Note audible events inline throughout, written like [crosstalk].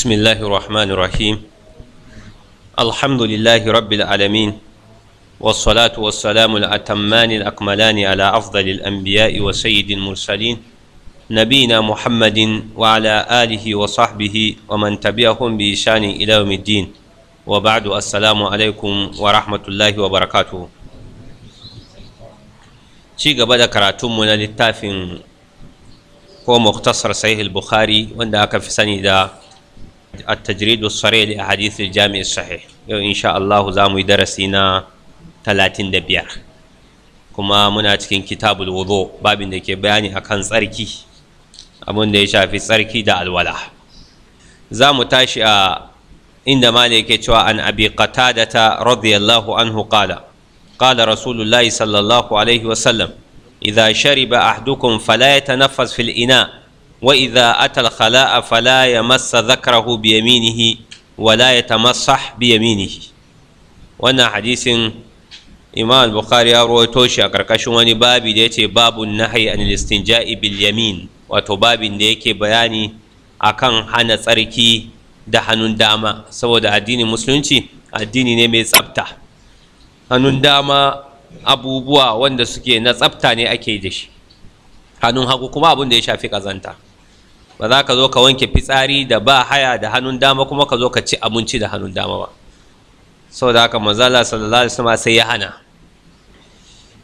بسم الله الرحمن الرحيم الحمد لله رب العالمين والصلاة والسلام الأتمان الأكملان على أفضل الأنبياء وسيد المرسلين نبينا محمد وعلى آله وصحبه ومن تبعهم بإشان إلى يوم الدين وبعد السلام عليكم ورحمة الله وبركاته شيء قبل كراتم من للتافن هو مختصر صحيح البخاري وأن في سنة A التجريد الصريح لأحاديث الجامع الصحيح yi darasi na talatin da biyar. kuma muna cikin kitabul wudu babin da ke bayani akan tsarki abin da ya shafi tsarki da alwala za mu tashi a inda mali yake cewa an abi qatadata radiyallahu anhu qala qala rasulullahi sallallahu alaihi wasallam idza shariba ahdukum fala yatanaffas fil ina' wa idza atal khala'a fala yamassa zakarahu bi yaminihi wala yatamassah bi yaminihi wannan hadisin imam bukhari ya rawaito shi a karkashin wani babi da yace babu nahyi an istinja'i bil yamin wato babin da yake bayani akan hana tsarki da hannun dama saboda addinin musulunci addini ne mai tsafta hannun dama abubuwa wanda suke na tsafta ne ake da shi hannun hagu kuma abin da ya shafi kazanta ba za ka zo ka wanke fitsari da ba haya da hannun dama kuma ka zo ka ci abinci da hannun dama ba Sau da haka manzala sallallahu alaihi wasallam sai ya hana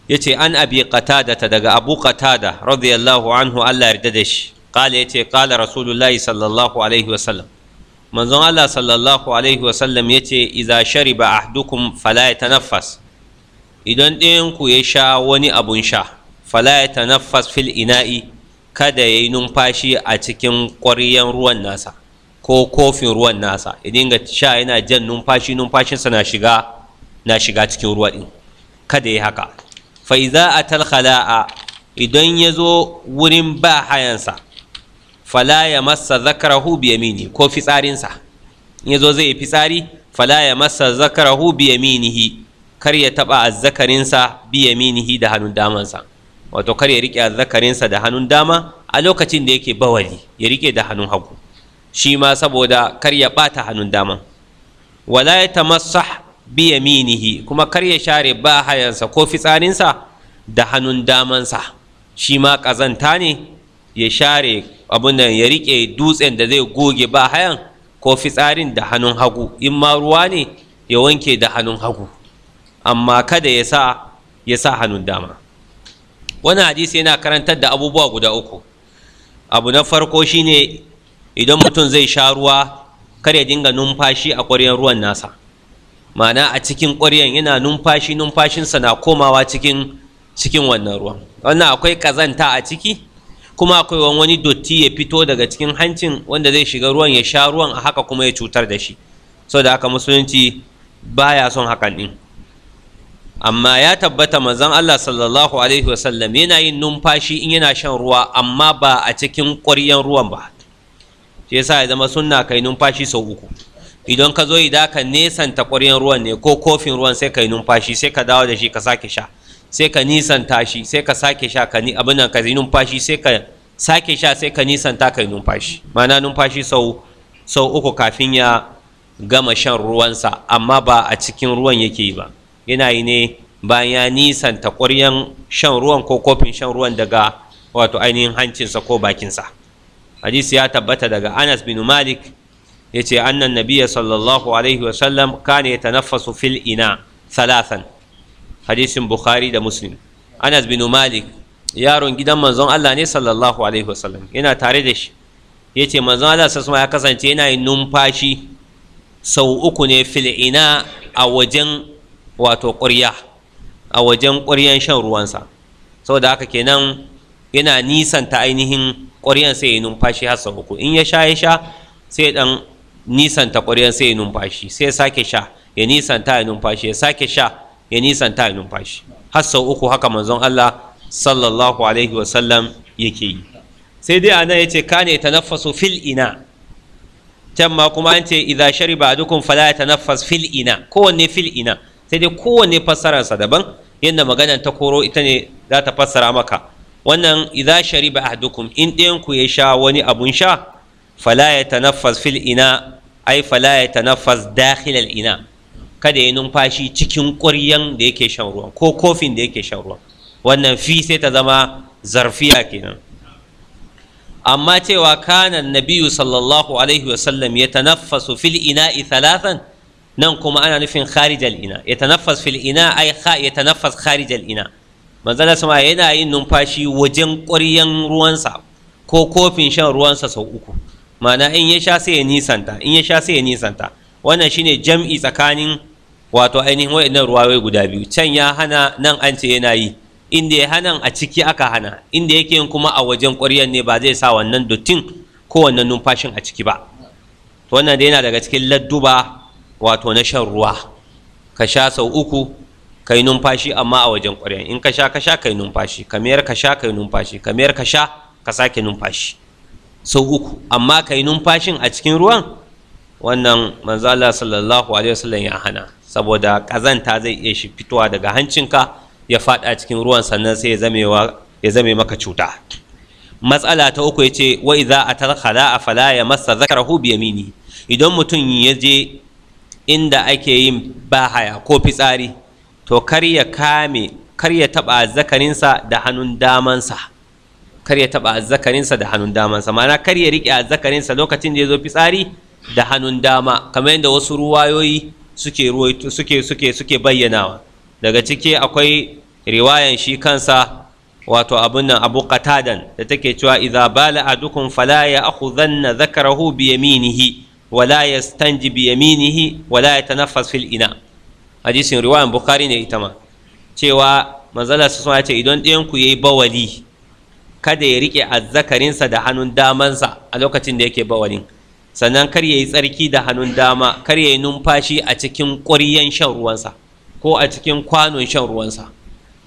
Ya ce an abi qatada ta daga abu qatada radiyallahu anhu Allah yarda da shi qala yace qala rasulullahi sallallahu alaihi wasallam manzon Allah sallallahu alaihi wasallam yace idza shariba ahdukum fala yatanaffas idan ɗayan ku ya sha wani abun sha fala yatanaffas fil ina'i kada ya yi numfashi a cikin ƙwaryen ruwan nasa ko kofin ruwan nasa ya dinga sha yana jan numfashi numfashinsa na shiga na shiga cikin ruwa ɗin kada ya haka fa'iza a talhala'a idan ya zo wurin ba hayansa fala ya masa zakarahu biyamini ko fitsarinsa in ya zo zai fitsari fala ya masa zakarahu biyaminihi kar ya taɓa azzakarinsa biyaminihi da hannun damansa wato kar ya rike azzakarinsa da hannun dama a lokacin da yake bawali ya rike da hannun hagu shi ma saboda kar ya bata hannun dama wala ya tamassah bi yaminihi kuma kar ya share ba hayansa ko fitsarinsa da hannun damansa shi ma kazanta ne ya share abun nan ya rike dutsen da zai goge ba hayan ko fitsarin da hannun hagu in ma ruwa ne ya wanke da hannun hagu amma kada ya sa ya sa hannun dama wani hadisi yana karantar da abubuwa guda uku abu na farko shine idan mutum zai sha ruwa kar ya dinga numfashi a ƙwaryen ruwan nasa ma'ana a cikin ƙwaryen yana numfashi numfashinsa na komawa cikin cikin wannan ruwan wannan akwai kazanta a ciki kuma akwai wani dotti ya fito daga cikin hancin wanda zai shiga ruwan ya sha ruwan a haka kuma ya cutar da shi saboda haka musulunci baya son hakan ɗin amma ya tabbata manzon Allah sallallahu alaihi wasallam yana yin numfashi in yana shan ruwa amma ba a cikin ƙwaryan ruwan ba shi yasa ya zama sunna kai numfashi sau uku idan ka zo idan ka nesanta ƙwaryan ruwan ne ko kofin ruwan sai kai numfashi sai ka dawo da shi ka sake sha sai ka nisanta shi sai ka sake sha ka ni abin nan ka yi numfashi sai ka sake sha sai ka nisanta kai numfashi mana numfashi sau sau uku kafin ya gama shan ruwansa amma ba a cikin ruwan yake yi ba yana yi ne bayan ya nisanta ƙwaryan shan ruwan ko kofin shan ruwan daga wato ainihin hancinsa ko bakinsa hadisi ya tabbata daga anas bin malik ya ce annan nabiya sallallahu alaihi wasallam kane ya tanaffasu fil ina salasan hadisin bukhari da muslim anas bin malik yaron gidan manzon allah ne sallallahu alaihi wasallam yana tare da shi ya ce manzon allah sassama ya kasance yana yin numfashi sau uku ne fil ina a wajen wato ƙurya a wajen ƙuryan shan ruwansa saboda haka kenan yana nisanta ainihin ƙuryan sai ya numfashi har sau uku in ya sha ya sha sai dan nisanta ƙuryan sai ya numfashi sai ya sake sha ya nisanta ya numfashi ya sake sha ya nisanta ya numfashi har sau uku haka manzon Allah sallallahu alaihi wa sallam yake yi sai dai anan yace kane tanaffasu fil ina can ma kuma an ce idza shariba adukum fala yatanaffas fil ina kowanne fil ina sai dai kowanne fassararsa daban yadda maganar ta koro ita ne za ta fassara maka wannan idza shariba ahdukum in ɗayan ku ya sha wani abun sha fala ya tanaffas fil ina ai fala ya tanaffas dakhil ina kada ya numfashi cikin ƙuryan da yake shan ruwan ko kofin da yake shan ruwan wannan fi sai ta zama zarfiya kenan amma cewa kanan nabiyu sallallahu alaihi wasallam ya tanaffasu fil ina'i thalathan nan kuma ana nufin kharijal ina tanaffas fil ina ai kha tanaffas kharijal ina manzala sama yana yin numfashi wajen ƙuryen ruwansa ko kofin shan ruwansa sau uku ma'ana in ya sha sai ya nisanta in ya sha sai ya nisanta wannan shine jam'i tsakanin wato ainihin ruwa wai guda biyu can ya hana nan an ce yana yi inda ya hana a ciki aka hana inda yake yin kuma a wajen ƙuryen ne ba zai sa wannan dottin ko wannan numfashin a ciki ba wannan dai yana daga cikin ladduba wato na shan ruwa ka sha sau uku ka yi numfashi amma a wajen ƙwaryan in ka sha ka sha ka yi numfashi kamar ka sha ka yi numfashi kamar ka sha ka sake numfashi sau uku amma ka yi numfashin a cikin ruwan wannan manzala sallallahu alaihi wasallam ya hana saboda kazanta zai iya shi fitowa daga hancinka ya faɗa cikin ruwan sannan sai ya zame maka cuta matsala ta uku ya ce wa idza atal a fala ya masa zakarahu bi yamini idan mutum ya je inda ake yin bahaya ko fitsari to kar ya kame kar ya taɓa azzakarinsa da hannun damansa kar ya taɓa azzakarinsa da hannun damansa ma'ana kar ya riƙe azzakarinsa lokacin da ya zo fitsari da hannun dama kamar yadda wasu ruwayoyi suke suke suke suke bayyanawa daga ciki akwai riwayan shi kansa wato abun nan abu qatadan da take cewa idza bala adukum fala ya ya'khudanna zakarahu bi yaminihi wala yastanji bi yaminihi wala yatanaffas fil ina hadisin riwayan bukhari ne ita ma cewa manzala su ce idan ɗayan ku yayi bawali kada ya rike azzakarinsa da hannun damansa a lokacin da yake bawalin sannan kar ya yi tsarki da hannun dama kar ya yi numfashi a cikin ƙwaryen shan ruwansa ko a cikin kwanon shan ruwansa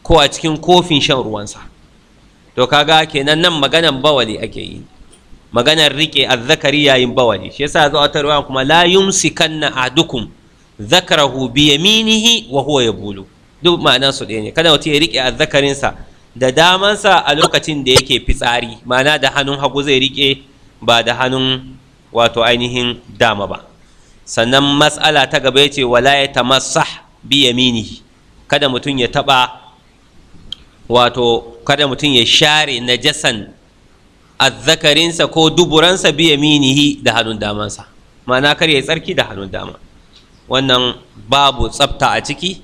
ko a cikin kofin shan ruwansa to kaga kenan nan maganan bawali ake yi maganar rike azzakari yayin bawali shi yasa zuwa ta ruwa kuma la yumsikanna adukum zakarahu bi yaminihi wa huwa yabulu duk ma'ana su ɗaya ne kada mutum ya rike azzakarinsa da damansa a lokacin da yake fitsari ma'ana da hannun hagu zai rike ba da hannun wato ainihin dama ba sannan matsala ta gaba ya ce wala ya tamassah bi yaminihi kada mutum ya taba wato kada mutum ya share najasan azzakarinsa ko duburansa biya minihi da hannun damansa ma'ana kar ya tsarki da hannun dama wannan babu tsafta a ciki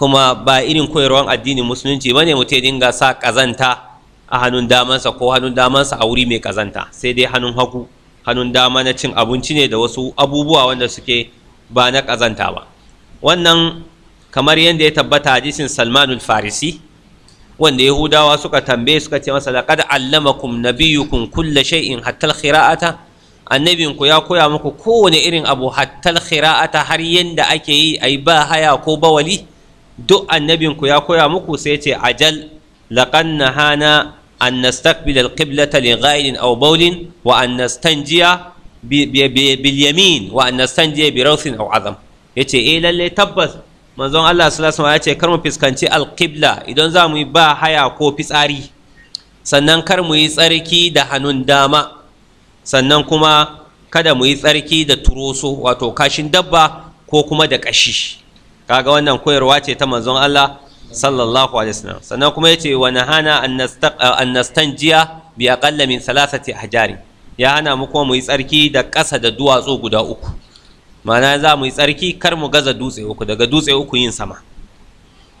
kuma ba irin koyarwan addinin musulunci ba ne mutum dinga sa kazanta a hannun damansa ko hannun damansa a wuri mai kazanta sai dai hannun hagu hannun dama na cin abinci ne da wasu abubuwa wanda suke ba na kazanta ba wannan kamar yadda ya tabbata hadisin salmanul farisi wanda yahudawa suka tambaye suka ce masa laqad allamakum nabiyyukum kulla shay'in hatta al-qira'ata annabinku ya koya muku kowane irin abu hatta al-qira'ata har yanda ake yi ai ba haya ko bawali duk annabinku ya koya muku sai ce ajal laqad nahana an nastaqbil al-qiblata li ghaidin aw bawlin wa an nastanjiya bil yamin wa an nastanjiya bi rawthin aw azam yace eh lalle tabbas manzon Allah sallallahu alaihi ya ce kar mu al alqibla idan za mu yi ba haya ko fitsari sannan kar mu yi tsarki da hannun dama sannan kuma kada mu yi tsarki da turoso wato kashin dabba ko kuma da kashi kaga wannan koyarwa ce ta manzon Allah sallallahu alaihi wasallam sannan kuma yace wa nahana an nastanjiya bi aqalla min thalathati ahjari ya hana mu kuma mu yi tsarki da ƙasa da duwatsu guda uku ma'ana za mu yi tsarki kar mu gaza dutse uku daga dutse uku yin sama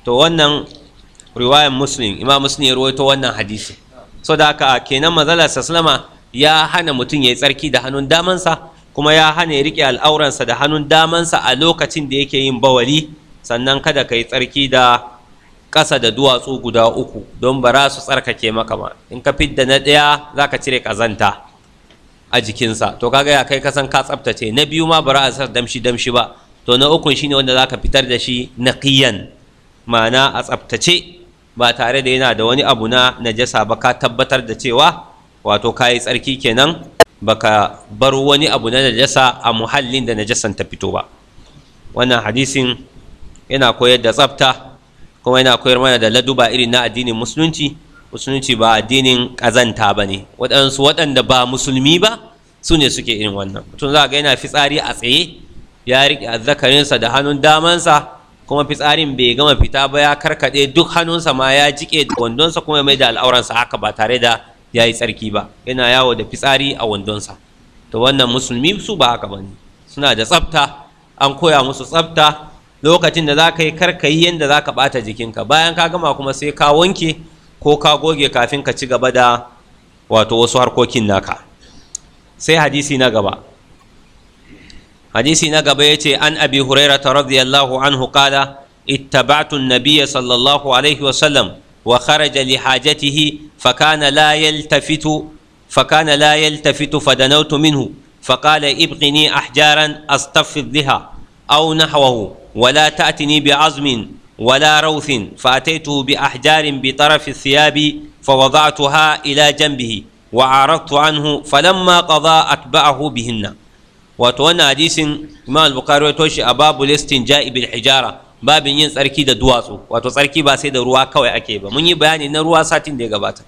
to wannan riwayan muslim imam muslim ya rawaito wannan hadisi so da haka kenan manzala saslama ya hana mutum ya yi tsarki da hannun damansa kuma ya hana ya rike al'auransa da hannun damansa a lokacin da yake yin bawali sannan kada ka yi tsarki da ƙasa da duwatsu guda uku don bara su tsarkake maka ba in ka fidda na ɗaya za ka cire ƙazanta a jikinsa to kaga ya kai kasan ka tsaftace na biyu ma bara a sa damshi damshi ba to na ukun shine wanda zaka fitar da shi naqiyan ma'ana a tsaftace ba tare da yana da wani abu na najasa ba ka tabbatar da cewa wato kayi tsarki kenan baka bar wani abu na najasa a muhallin da najasan ta fito ba wannan hadisin yana koyar da tsafta kuma yana koyar mana da laduba irin na addinin musulunci musulunci ba addinin ƙazanta ba ne waɗansu waɗanda ba musulmi ba su ne suke irin wannan mutum za ga yana fitsari a tsaye ya riƙe azzakarinsa da hannun damansa kuma fitsarin bai gama fita ba ya karkaɗe duk hannunsa ma ya jike wandonsa kuma mai da al'auransa haka ba tare da ya yi tsarki ba yana yawo da fitsari a wandonsa to wannan musulmi su ba haka ba ne suna da tsafta an koya musu tsafta lokacin da za ka yi karkayi yadda za ka ɓata jikinka bayan ka gama kuma sai ka wanke ko ka goge kafin ka ci gaba da wato wasu harkokin naka sai hadisi na gaba hadisi na gaba yace an abi ta radiyallahu anhu qala ittaba'tu an-nabiyya sallallahu alaihi wa sallam wa kharaja li hajatihi fakana la yaltafitu fakana la yaltafitu fadanawtu minhu فقال ابقني أحجارا أستفض بها أو نحوه ولا تأتني بعظم ولا روث فأتيته بأحجار بطرف الثياب فوضعتها إلى جنبه wa aradtu anhu falamma qada atba'ahu bihinna wato wannan hadisin Imam al-Bukhari ya toshi a babu listin Ja'ibil bil hijara babin yin tsarki da duwatsu wato tsarki ba sai da ruwa kawai ake ba mun yi bayani na ruwa satin da ya gabata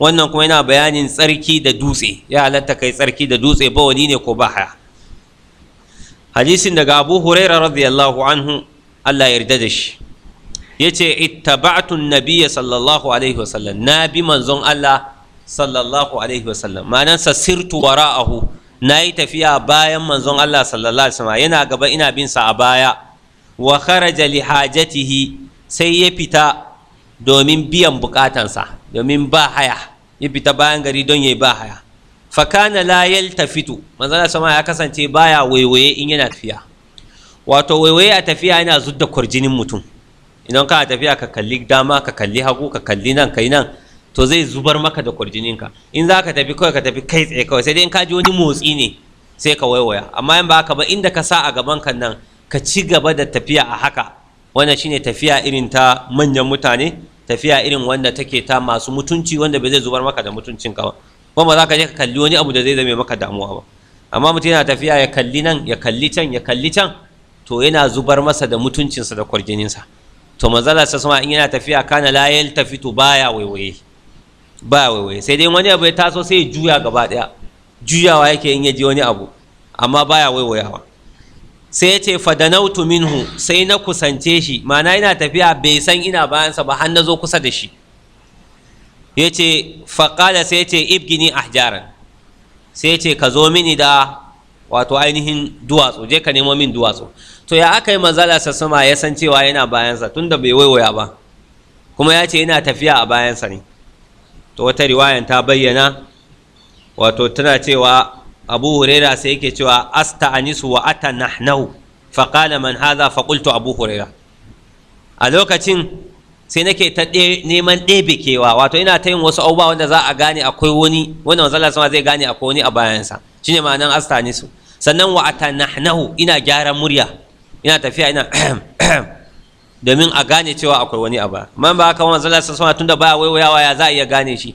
wannan kuma yana bayanin tsarki da dutse ya halatta kai tsarki da dutse ba wani ne ko ba haya daga Abu Hurairah radiyallahu anhu Allah ya yarda da shi yace ittaba'tu an-nabiyya sallallahu alaihi wasallam na bi manzon Allah sallallahu alaihi wasallam ma'anansa sirtu wara'ahu na yi tafiya bayan manzon Allah sallallahu alaihi wasallam yana gaba ina bin sa a baya wa kharaja li hajatihi sai ya fita domin biyan bukatansa domin ba haya ya fita bayan gari don yayi ba haya fa kana la yaltafitu manzon Allah sama ya kasance baya waiwaye in yana tafiya wato waiwaye a tafiya yana zudda kurjinin mutum idan ka tafiya ka kalli dama ka kalli hagu ka kalli nan kai nan to zai zubar maka da kwarjininka in za ka tafi kawai ka tafi kai tsaye kawai sai dai in ka ji wani motsi ne sai ka waiwaya amma in ba haka ba inda ka sa a gaban kan nan ka ci gaba da tafiya a haka wannan shine tafiya irin ta manyan mutane tafiya irin wanda take ta masu mutunci wanda bai zai zubar maka da mutuncinka ba kuma ba za ka je ka kalli wani abu da zai zame maka damuwa ba amma mutum yana tafiya ya kalli nan ya kalli can ya kalli can to yana zubar masa da mutuncinsa da kwarjininsa to manzala sa in yana tafiya kana la yaltafitu baya waiwaye ba waiwai sai dai wani abu ya taso sai ya juya gaba daya juyawa yake in ya ji wani abu amma baya waiwayawa sai ya ce fadanautu minhu sai na kusance shi ma'ana ina tafiya bai san ina bayansa ba har na zo kusa da shi ya ce faƙala sai ya ce ibgini ahjaran sai ya ce ka zo mini da wato ainihin duwatsu je ka nemo min duwatsu to ya aka yi manzala sa sama ya san cewa yana bayansa tunda bai waiwaya ba kuma ya ce yana tafiya a bayansa ne to wata riwayan ta bayyana wato tana cewa abu huraira sai yake cewa asta anisu wa ata fa qala man fa qultu abu huraira a lokacin sai nake ta neman ɗebe kewa wato ina ta yin wasu abubuwa wanda za a gane akwai wani wanda manzala sama zai gane akwai wani a bayansa shine ma'anan asta anisu sannan wa ata nahnahu ina gyaran murya ina tafiya ina [clears throat] domin a gane cewa akwai wani abu man ba haka manzon Allah sallallahu tunda baya waiwayawa ya za a iya gane shi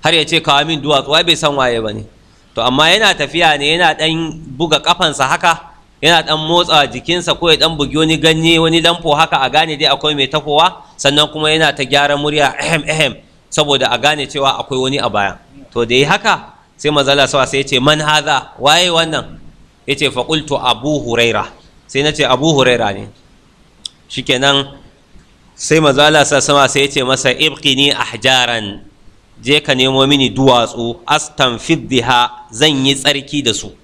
har ya ce kawo min duwatsu bai san waye bane to amma yana tafiya ne yana dan buga kafansa haka yana dan motsa jikinsa ko ya dan bugi wani ganye wani lamfo haka a gane dai akwai mai tafowa sannan kuma yana ta gyara murya ehem ehem saboda a gane cewa akwai wani a baya to da yi haka sai manzala sawa sai ya man haza waye wannan ya ce faƙultu abu huraira sai na ce abu huraira ne shikenan sai mazala sa sama sai ya ce masa ibqini ahjaran je ka nemo mini duwatsu astanfidha zan yi tsarki da su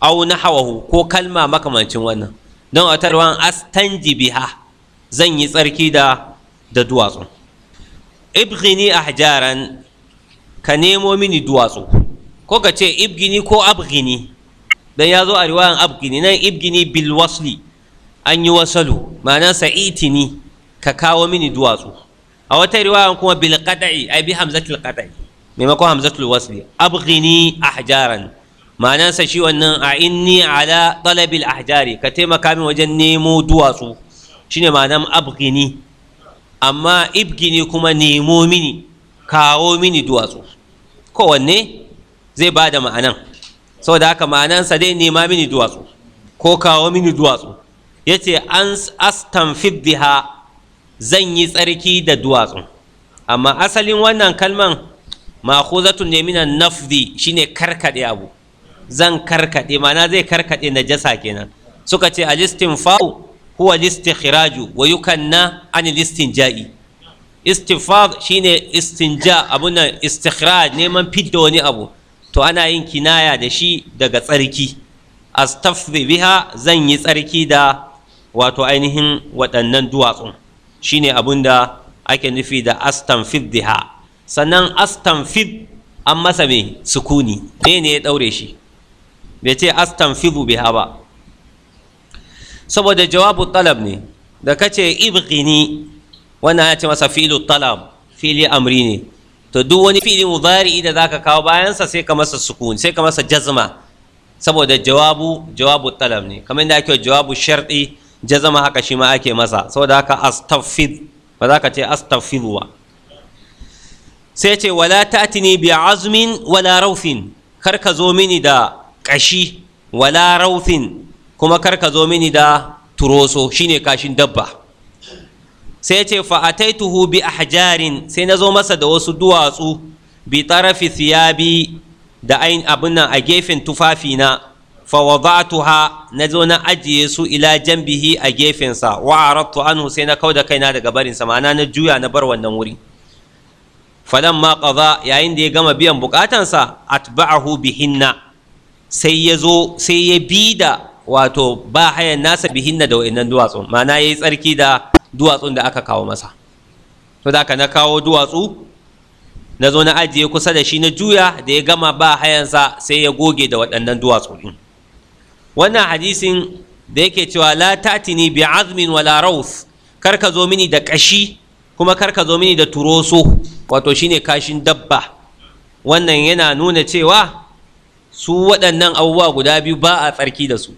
au nahawahu ko kalma makamancin wannan don atarwan astanji biha zan yi tsarki da da duwatsu ibghini ahjaran ka nemo mini duwatsu ko ka ce ibgini ko abgini dan ya zo a riwayan abgini nan ibgini bil wasli an yi wasalu ma'ana sa'itini ka kawo mini duwatsu a wata riwaya kuma bil qada'i ai bi hamzatul qada'i maimakon hamzatul wasli abghini ahjaran ma'ana sa shi wannan a inni ala talabil ahjari ka taimaka min wajen nemo duwatsu shine ma'anan abghini amma ibgini kuma nemo mini kawo mini duwatsu kowanne zai bada ma'anan saboda haka ma'anansa dai nema mini duwatsu ko kawo mini duwatsu yace an astanfid biha zan yi tsarki da duwatsu. amma asalin wannan kalman zato ne minan nafdi shine karkade abu zan karkade ma'ana zai karkade jasa kenan suka ce al fa'u huwa al khiraju wa yukanna an al ja'i istifad shine istinja abu nan istikhraj neman fidda wani abu to ana yin kinaya da shi daga tsarki astafzi biha zan yi tsarki da wato ainihin waɗannan duwatsun shine abin da ake nufi da astanfid diha sannan astanfid an masa mai sukuni ne ne ya ɗaure shi bai ce astanfidu biha ba saboda jawabu talab ne da kace ibqini wannan ya ce masa filu talab fili amri ne to duk wani fili mudari da zaka kawo bayansa sai ka masa sai ka masa jazma saboda jawabu jawabu talab ne kamar da ake jawabu sharɗi jazama haka shi ma ake masa saboda haka astaghfir ba za ka ce astaghfiru ba sai ce wala ta'tini bi azmin wala raufin kar ka zo mini da kashi wala raufin kuma kar ka zo mini da turoso shine kashin dabba sai ce fa ataituhu bi ahjarin sai na zo masa da wasu duwatsu bi tarafi thiyabi da abin nan a gefen tufafina fa wada'tuha nazo na ajiye su ila janbihi a gefensa wa aradtu anhu sai na kauda kaina daga barin sa ma'ana na juya na bar wannan wuri falamma qada yayin da ya gama biyan bukatansa atba'ahu bihinna sai ya zo sai ya bi da wato ba hayan nasa bihinna da wa'annan duwatsun ma'ana yayi tsarki da duwatsun da aka kawo masa to da na kawo duwatsu na zo na ajiye kusa da shi na juya da ya gama ba hayansa sai ya goge da waɗannan duwatsu wannan hadisin da yake cewa la tatini bi azmin wala rauf kar ka zo mini da kashi kuma kar ka zo mini da turoso wato shine kashin dabba wannan yana nuna cewa su waɗannan abubuwa guda biyu ba a tsarki da su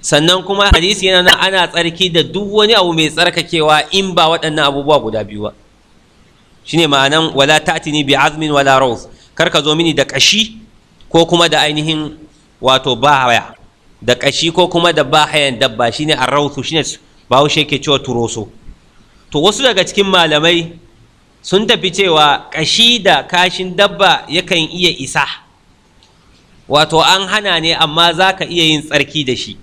sannan kuma hadisi yana nan ana tsarki da duk wani abu mai tsarkakewa in ba waɗannan abubuwa guda biyu ba shine ma'anan wala tatini bi azmin wala rauf kar ka zo mini da kashi ko kuma da ainihin wato ba haya da ƙashi ko kuma da bahayan dabba shine arrauthu shine bahaushe ke cewa turoso to wasu daga cikin malamai sun tafi cewa ƙashi da kashin dabba yakan iya isa wato an hana ne amma za ka iya yin tsarki da shi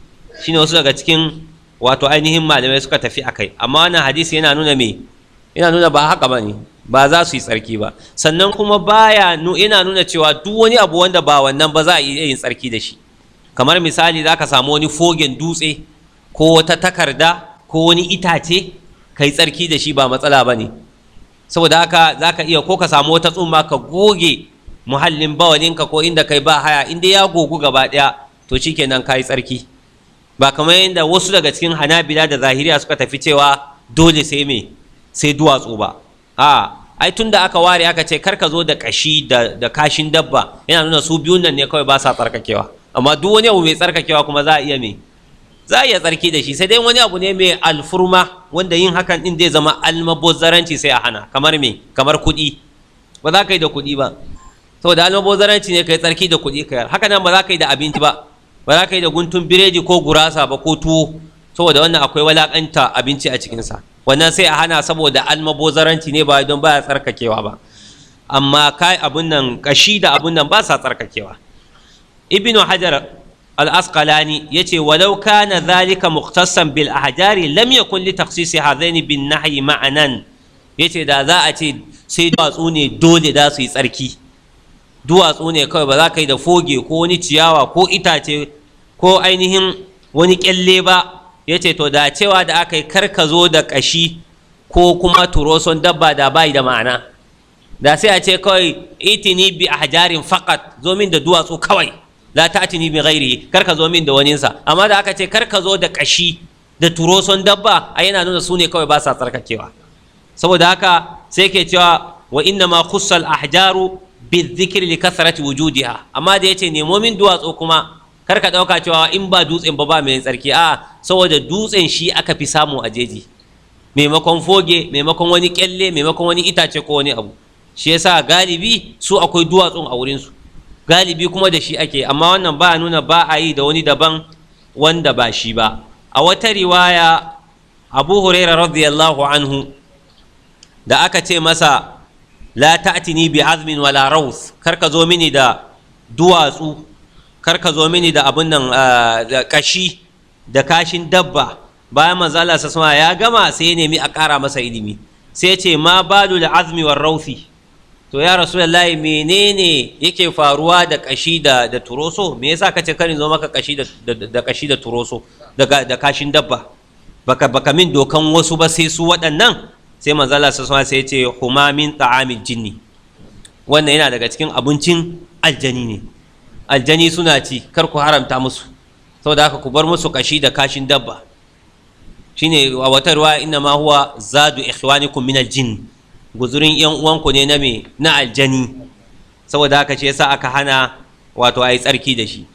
shine wasu daga cikin wato ainihin malamai suka tafi a kai amma wannan hadisi yana nuna me yana nuna ba haka ba ne ba za su yi tsarki ba sannan kuma baya yana nuna cewa duk wani abu wanda ba wannan ba za a iya yin tsarki da shi kamar misali za ka samu wani fogen dutse ko wata takarda ko wani itace ka tsarki da shi ba matsala ba ne saboda haka za ka iya ko ka samu wata tsumma ka goge muhallin bawalinka ko inda kai ba haya inda ya gogu gaba ɗaya to shikenan ka yi tsarki ba kamar yadda wasu daga cikin hanabila da zahiriya suka tafi cewa dole sai me sai duwatsu ba a ai tun da aka ware aka ce kar ka zo da kashi da kashin dabba yana nuna su biyun nan ne kawai ba sa tsarkakewa amma duk wani abu mai tsarkakewa kuma za a iya me za a iya tsarki da shi sai dai wani abu ne mai alfurma wanda yin hakan din zai zama almabozaranci sai a hana kamar me kamar kuɗi ba za ka yi da kuɗi ba saboda almabozaranci ne ka yi tsarki da kuɗi ka haka nan ba za ka yi da abinci ba ba za ka yi da guntun biredi ko gurasa ba ko tuwo saboda wannan akwai walakanta abinci a cikinsa wannan sai a hana saboda almabozaranci ne ba don ba tsarkakewa ba amma kai abun nan kashi da abun nan ba sa tsarkakewa ibnu hajar al-asqalani yace walau kana zalika mukhtassan bil ahjari lam yakun li takhsisi hadaini bin nahyi ma'anan yace da za a ce sai duwatsu ne dole da su yi tsarki duwatsu ne kawai ba za ka yi da foge ko wani ciyawa ko itace ko ainihin wani kyalle ba yace to da cewa da aka yi karka zo da kashi ko kuma turoson dabba da bai da ma'ana da sai a ce kawai itini bi ahjarin faqat zo min da duwatsu kawai la ta'tini bi ghairi kar ka zo min da waninsa amma da aka ce kar ka zo da kashi da turoson dabba a yana nuna su ne kawai ba sa tsarkakewa saboda haka sai ke cewa wa inna ma khussal ahjaru bizikir li kasarati wujudiha amma da yace nemo min duwatsu kuma kar ka dauka cewa in ba dutsen ba ba mai tsarki a saboda dutsen shi aka fi samu a jeji maimakon foge maimakon wani kyalle maimakon wani itace ko wani abu shi yasa galibi su akwai duwatsun a wurinsu galibi kuma da shi ake amma wannan ba a nuna ba a yi da wani daban wanda ba shi ba a wata riwaya abu huraira radiyallahu anhu da aka ce masa la ta'tini bi azmin wala raus kar zo mini da duwatsu karka zo mini da abun nan ah, da kashi da kashin dabba bayan manzo Allah ya gama sai ya nemi a ƙara masa ilimi sai ya ce ma da azmi war rausi to ya rasulullahi menene yake faruwa da kashi da da turoso me yasa kace karin zo maka kashi da da kashi da turoso daga da kashin dabba baka min dokan wasu ba sai su waɗannan sai manzo Allah sallallahu alaihi sai ya ce humamin ta'amil jinni wannan yana daga cikin abincin aljani ne aljani suna ci kar ku haramta musu saboda haka ku bar musu kashi da kashin dabba shine a wata ruwa inna ma huwa zadu ikhwanikum min guzurin yan uwanku ne na aljani saboda haka ce yasa aka hana wato ayi tsarki da shi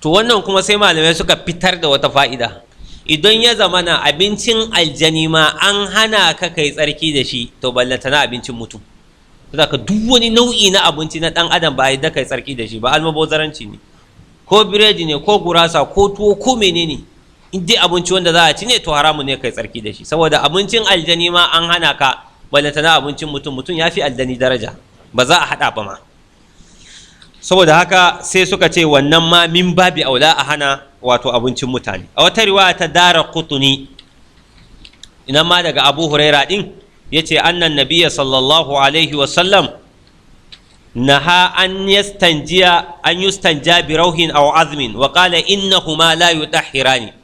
to wannan kuma sai malamai suka fitar da wata fa'ida idan ya zama na abincin aljani ma an hana ka kai tsarki da shi to na abincin mutum saboda ka duk wani nau'i na abinci na dan adam ba da kai tsarki da shi ba almabozaranci ne ko biredi ne ko gurasa ko tuwo ko menene in abinci wanda za a ci ne to haramu ne kai tsarki da shi saboda abincin aljani ma an hana ka ballantana abincin mutum mutum ya fi aldani daraja ba za a haɗa ba ma saboda haka sai suka ce wannan ma min babi aula a hana wato abincin mutane a wata riwaya ta dara kutuni inan ma daga abu huraira din ya ce annan nabiya sallallahu alaihi wasallam naha an yastanjiya an yustanja bi rauhin aw azmin wa qala innahuma la yutahhirani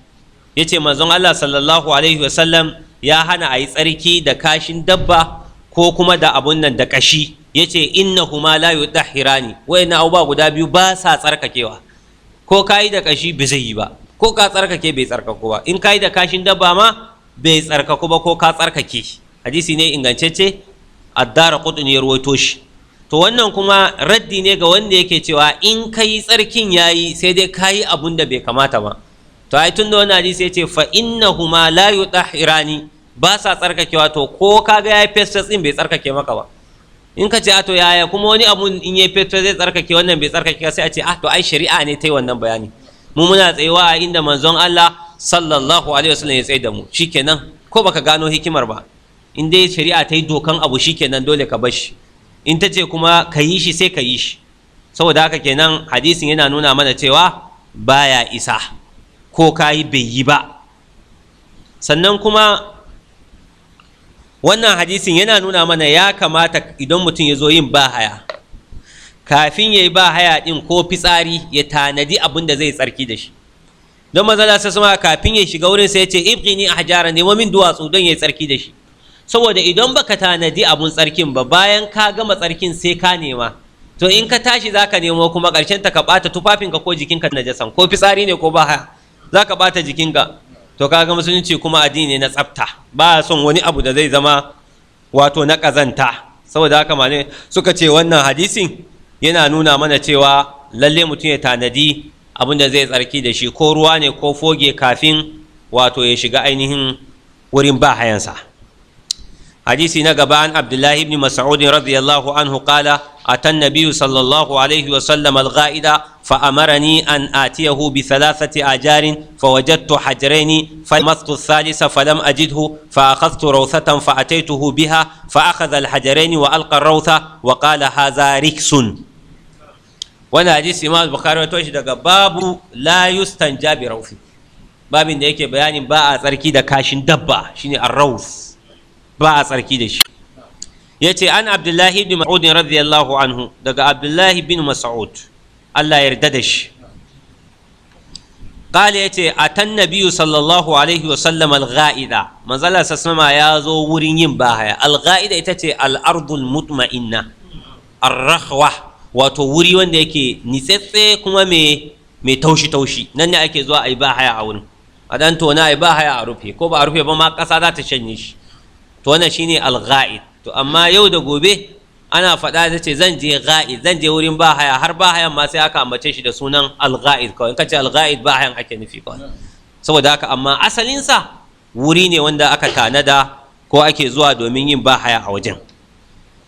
yace manzon Allah sallallahu alaihi wasallam ya hana a yi tsarki da kashin dabba ko kuma da abun nan da kashi ya ce hira la Wai na abubuwa guda biyu ba sa tsarkakewa ko ka yi da kashi bai zai yi ba ko ka tsarkake bai tsarkaku ba in ka yi da kashin dabba ma bai tsarkaku ba ko ka tsarkake hadisi ne ce addara kudin ya ruwaito shi to wannan kuma raddi ne ga wanda yake cewa in ka yi tsarkin yayi sai dai ka yi abun da bai kamata ba to ai tun da wani hadisi ce fa huma la yutahirani ba sa tsarkakewa to ko kaga yayi fesfes din bai tsarkake maka ba in ka ce a to yaya kuma wani abu in yayi fesfes zai tsarkake wannan bai tsarkake sai a ce ah to ai shari'a ne ta yi wannan bayani mu muna tsayewa a inda manzon Allah sallallahu alaihi wasallam ya tsaye da mu shikenan ko baka gano hikimar ba in dai shari'a ta yi dokan abu shikenan dole ka bar shi in ta ce kuma ka yi shi sai ka yi shi saboda haka kenan hadisin yana nuna mana cewa baya isa ko ka bai yi ba sannan kuma wannan hadisin yana nuna mana ya kamata idan mutum ya zo yin bahaya kafin ya yi bahaya ɗin ko fitsari ya tanadi abin da zai tsarki da shi don mazala sai sama kafin ya shiga wurin sai ya ce a ahjara ne min duwatsu don ya tsarki da shi saboda idan baka tanadi abun tsarkin ba bayan ka gama tsarkin sai ka nema to in ka tashi zaka nemo kuma ƙarshen ta ka ɓata tufafinka ko jikinka najasan ko fitsari ne ko bahaya za ka ɓata jikinka to kaga musulunci kuma addini na tsafta ba son wani abu da zai zama wato na ƙazanta saboda haka mane suka ce wannan hadisin yana nuna mana cewa lalle mutum ya tanadi abin da zai tsarki da shi ko ruwa ne ko foge kafin wato ya shiga ainihin wurin ba hayansa hadisi na gaba an abdullahi ibn mas'ud radiyallahu anhu qala أتى النبي صلى الله عليه وسلم الغائد فأمرني أن آتيه بثلاثة آجار فوجدت حجرين فمثت الثالث فلم أجده فأخذت روثة فأتيته بها فأخذ الحجرين وألقى الروثة وقال هذا ركس وانا حديث إمام البخاري وتوشي باب لا يستنجى بروث باب da yake bayanin ba a tsarki da kashin dabba shine arraus ba a tsarki da shi Ya ce an abdullahi Bin mas'ud radiyallahu anhu daga abdullahi bin mas'ud Allah ya yarda da shi قال يتي أتى النبي صلى الله عليه وسلم الغائدة ما زال سسمع يا زو ورين باها الغائدة يتي الأرض المطمئنة الرخوة wato wuri wanda yake nitsetse kuma mai taushi taushi nan ne ake zuwa a yi ba haya a wurin a dan tona a yi a rufe ko ba a rufe ba ma ƙasa za ta shanye shi to wannan shine al-ghaid to amma yau da gobe ana faɗa ta ce zan je ga'id zan je wurin bahaya har bahayan ma sai aka ambace shi da sunan al-ga'id kawai ka ce al-ga'id ake nufi kawai saboda haka amma asalinsa wuri ne wanda aka tanada ko ake zuwa domin yin bahaya a wajen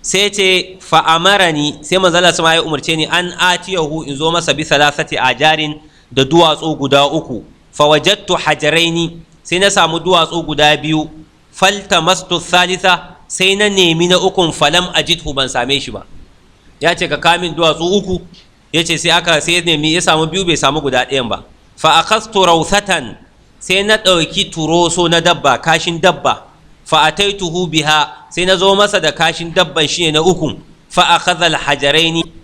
sai ce ni sai manzala sama ya umarce ni an atiyahu in zo masa bi salasati jarin da duwatsu guda uku fawajattu hajaraini sai na samu duwatsu guda biyu faltamastu Salisa. sai na nemi na ukun falam ajidhu ban same shi ba ya ce ka kamin duwatsu uku ya ce sai aka sai ya nemi ya samu biyu bai samu guda ɗayan ba fa kastu rautatan, sai na ɗauki turoso na dabba kashin dabba fa tuhu biha sai na zo masa da kashin dabban ne na ukun fa akhadha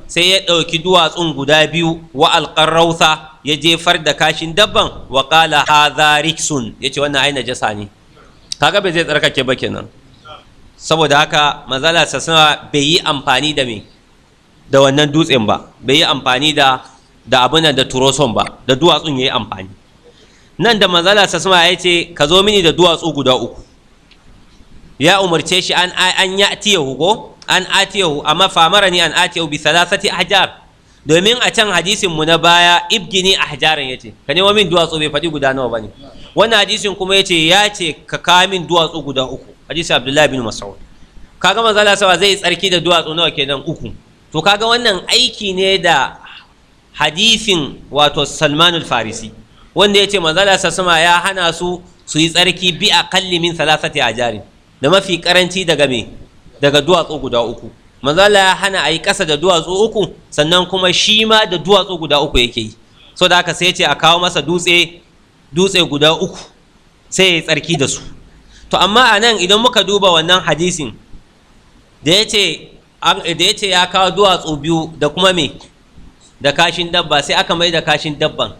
sai ya ɗauki duwatsun guda biyu wa alƙarrausa ya jefar da kashin dabban wa qala hadha riksun yace wannan aina jasa ne kaga bai zai tsarkake ba kenan saboda haka manzala sassana bai yi amfani da me da wannan dutsen ba bai yi amfani da da abin da turoson ba da duwatsun ya yi amfani nan da manzala sassana ya ce ka zo mini da duwatsu guda uku ya umarce shi an an ya'tiyahu ko an hu amma famara ni an atiyahu bi thalathati ahjar domin a can hadisin mu na baya ibgini ahjaran yace ka nemo min duwatsu bai faɗi guda nawa bane wannan hadisin kuma yace ya ce ka kawo min duwatsu guda uku hadisi abdullahi bin mas'ud kaga manzo Allah sawa zai tsarki da duwatsu nawa kenan uku to kaga wannan aiki ne da hadisin wato Salman farisi wanda yace manzo Allah sama ya hana su su yi tsarki bi aqalli min thalathati ajarin da mafi karanci daga me daga duwatsu guda uku manzo ya hana ayi kasa da duwatsu uku sannan kuma shi ma da duwatsu guda uku yake yi so da haka sai yace a kawo masa dutse dutse guda uku sai ya tsarki da su to amma a nan idan muka duba wannan hadisin da ya ce ya kawo duwatsu biyu da kuma me da kashin dabba sai aka mai da kashin dabban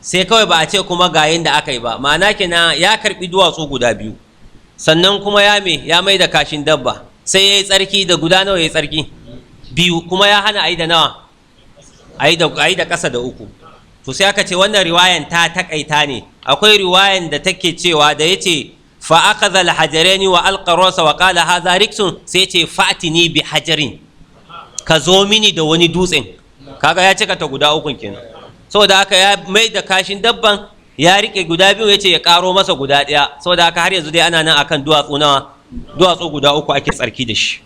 sai kawai ba a ce kuma ga da aka yi ba ma'ana kenan ya karbi duwatsu guda biyu sannan kuma ya me ya mai da kashin dabba sai ya yi tsarki da guda nawa ya yi tsarki biyu kuma ya hana a yi da nawa a yi da ƙasa da uku to sai aka ce wannan riwayan ta takaita ne akwai riwayan da take cewa da ya ce fa akhadha al wa alqa rasa wa qala hadha riksun sai ce fatini bi hajarin ka zo mini da wani dutsen kaga ya cika ta guda ukun kenan saboda haka ya mai da kashin dabban ya rike guda biyu ya ce ya karo masa guda ɗaya saboda haka har yanzu dai ana nan akan duwatsu nawa duwatsu guda uku ake tsarki da shi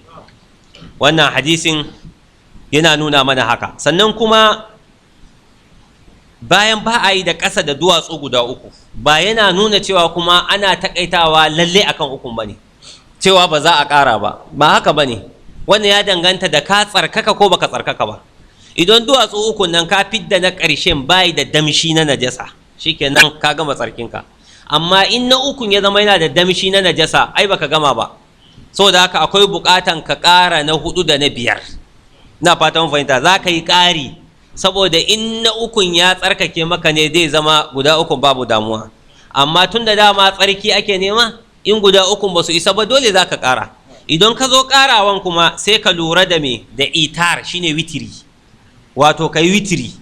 wannan hadisin yana nuna mana haka sannan kuma bayan ba a yi da ƙasa da duwatsu guda uku ba yana nuna cewa kuma ana takaitawa lalle akan ukun bane cewa ba za a ƙara ba ba haka bane wannan ya danganta da ka tsarkaka ko baka tsarkaka ba idan duwatsu uku nan ka da na ƙarshen bayi da damshi na najasa shikenan ka gama tsarkinka amma in na ukun ya zama yana da damshi na najasa ai baka gama ba saboda haka akwai buƙatan ka ƙara na hudu da na biyar na fatan fahimta za ka yi ƙari saboda in na ukun ya tsarkake maka ne zai zama guda ukun babu damuwa amma tun da dama tsarki ake nema in guda ukun ba su isa ba dole za ka ƙara idan ka zo ƙarawan kuma sai ka lura da me da itar shine witiri wato ka yi witiri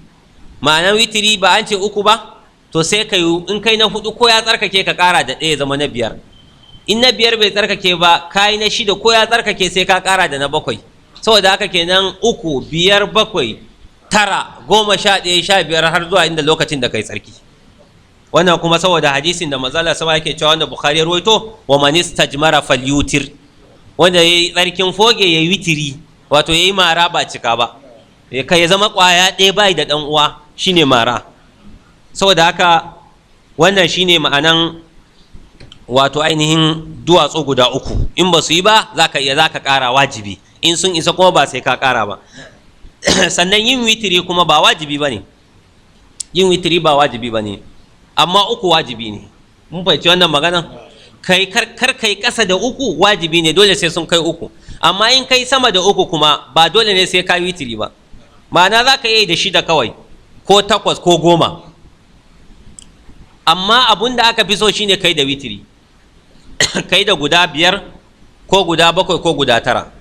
ma'anar witiri ba an ce uku ba to sai ka yi in kai na hudu ko ya tsarkake ka ƙara da ɗaya zama na biyar in na biyar bai tsarkake ba ka yi na shida ko ya tsarkake sai ka ƙara da na bakwai saboda haka kenan uku biyar bakwai tara goma sha ɗaya sha biyar har zuwa inda lokacin da kai tsarki wannan kuma saboda hadisin da mazala sama yake cewa wanda bukhari ruwaito wa man istajmara falyutir wanda yi tsarkin foge yi witiri wato yi mara ba cika ba kai ya zama kwaya ɗaya bai da dan uwa shine mara saboda haka wannan shine ma'anan wato ainihin duwatsu guda uku in ba su yi ba zaka iya zaka ƙara wajibi in sun isa kuma ba sai ka ƙara ba [coughs] sannan yin witiri kuma ba wajibi ba ne yin witiri ba wajibi ba ne amma uku wajibi ne mun fahimci wannan magana kai kar kai ƙasa da uku wajibi ne dole sai sun kai uku amma in kai sama da uku kuma ba dole ne sai ka witiri ba ma'ana za ka iya da shida kawai ko takwas ko goma amma abun da aka fi so shine kai da witiri [coughs] kai da guda biyar ko guda bakwai ko guda tara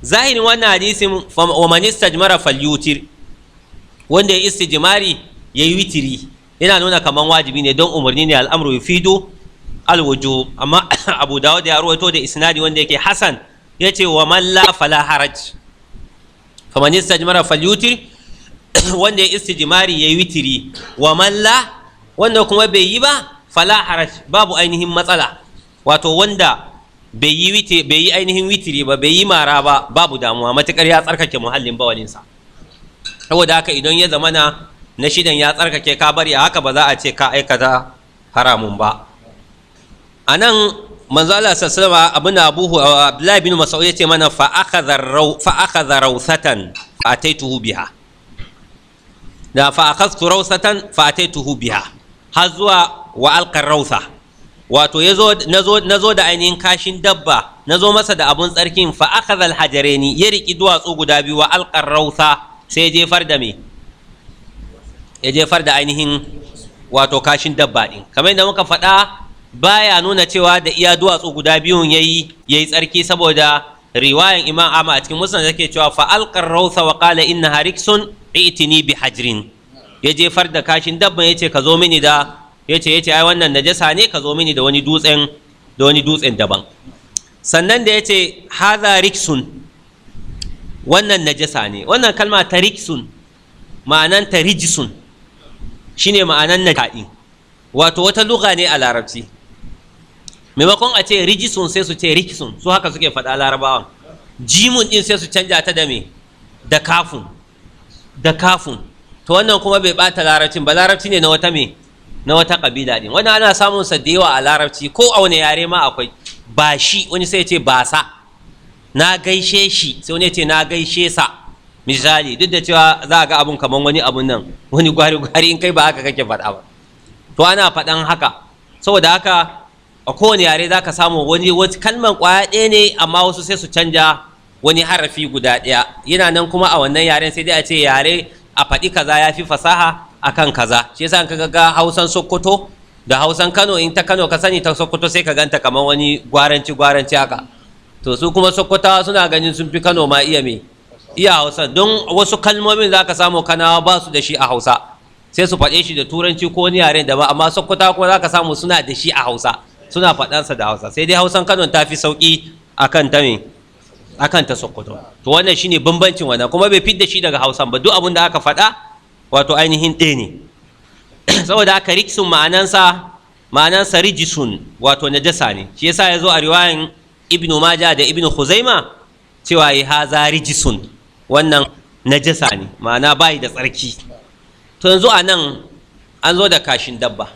zahirin wannan hadisin wa man istajmara falyutir wanda ya istijmari yi witiri yana nuna kamar wajibi ne don umarni ne al'amru yufidu alwujub amma [coughs] Abu Dawud ya rawaito da isnadi wanda yake hasan yace wa man la fala haraj fa man istajmara falyutir [coughs] wanda ya istijmari yayi witiri wa man la wanda kuma bai yi ba fala haraj babu ainihin matsala wato wanda bai yi ainihin witiri ba bai yi mara ba babu damuwa matukar ya tsarkake muhallin bawalinsa saboda haka idan ya zamana na shidan ya tsarkake ka bari a haka ba za a ce ka aikata haramun ba a nan manzala sassaba abin abu abdullahi bin masau ya ce mana fa'akaza rausatan tuhu biha da fa'akastu rausatan tuhu biha har zuwa wa alkar rausa wato na zo da ainihin kashin dabba na zo masa da abun tsarkin fa akhadha ni ya riki duwatsu guda biyu wa alqarrausa sai ya jefar da me ya jefar da ainihin wato kashin dabba ɗin kamar yadda muka faɗa baya nuna cewa da iya duwatsu guda biyun ya yi tsarki saboda riwayan imam ama a cikin da ke cewa fa alqarrausa wa qala inna harikson itini bi hajrin ya jefar da kashin dabban yace ka zo mini da Ya ce-ya ce, ai wannan najasa ne ka zo mini da wani dutsen da wani dutsen daban sannan da ce haza riksun wannan najasa ne wannan kalma ta riksun ma'anan ta rijisun shine ma'anan na najasa wato wata luga ne a larabci maimakon a ce rijisun sai su ce rikisun su haka suke faɗa larabawan jimun ɗin sai su canja ta da me da kafun da kafun to wannan kuma bai ɓata larabcin ba larabci ne na wata me na wata kabila ne. wannan ana samun sa da yawa a larabci ko a wani yare ma akwai ba shi wani sai ce ba sa na gaishe shi sai wani ce na gaishe sa misali duk da cewa za a ga abun kaman wani abun nan wani gwari gwari in kai ba haka kake faɗa ba to ana faɗan haka saboda haka a kowane yare za ka samu wani kalmar kwaya ɗaya ne amma wasu sai su canja wani harafi guda ɗaya yana nan kuma a wannan yaren sai dai a ce yare a faɗi kaza ya fi fasaha akan kaza shi yasa ka ga Hausan Sokoto da Hausan Kano in ta Kano ka sani ta Sokoto sai ka ganta kamar wani gwaranci gwaranci haka to su kuma Sokotawa suna ganin sun fi Kano ma iya me iya Hausa don wasu kalmomin za ka samu Kanawa ba su da shi a Hausa sai su faɗe shi da turanci ko wani yaren da ba amma Sokotawa kuma za ka samu suna da shi a Hausa suna faɗansa da Hausa sai dai Hausan Kano ta fi sauki akan ta me akan ta Sokoto to wannan shine bambancin wannan kuma bai fidda shi daga Hausan ba duk abin da aka faɗa wato ainihin ɗaya ne [clears throat] saboda aka riksun ma'anansa ma'anansa rijisun wato najasa ne shi yasa ya zo a riwayan ibnu maja da ibnu huzaima cewa ya haza rijisun wannan najasa ne ma'ana bayi da tsarki to yanzu a nan an zo da kashin dabba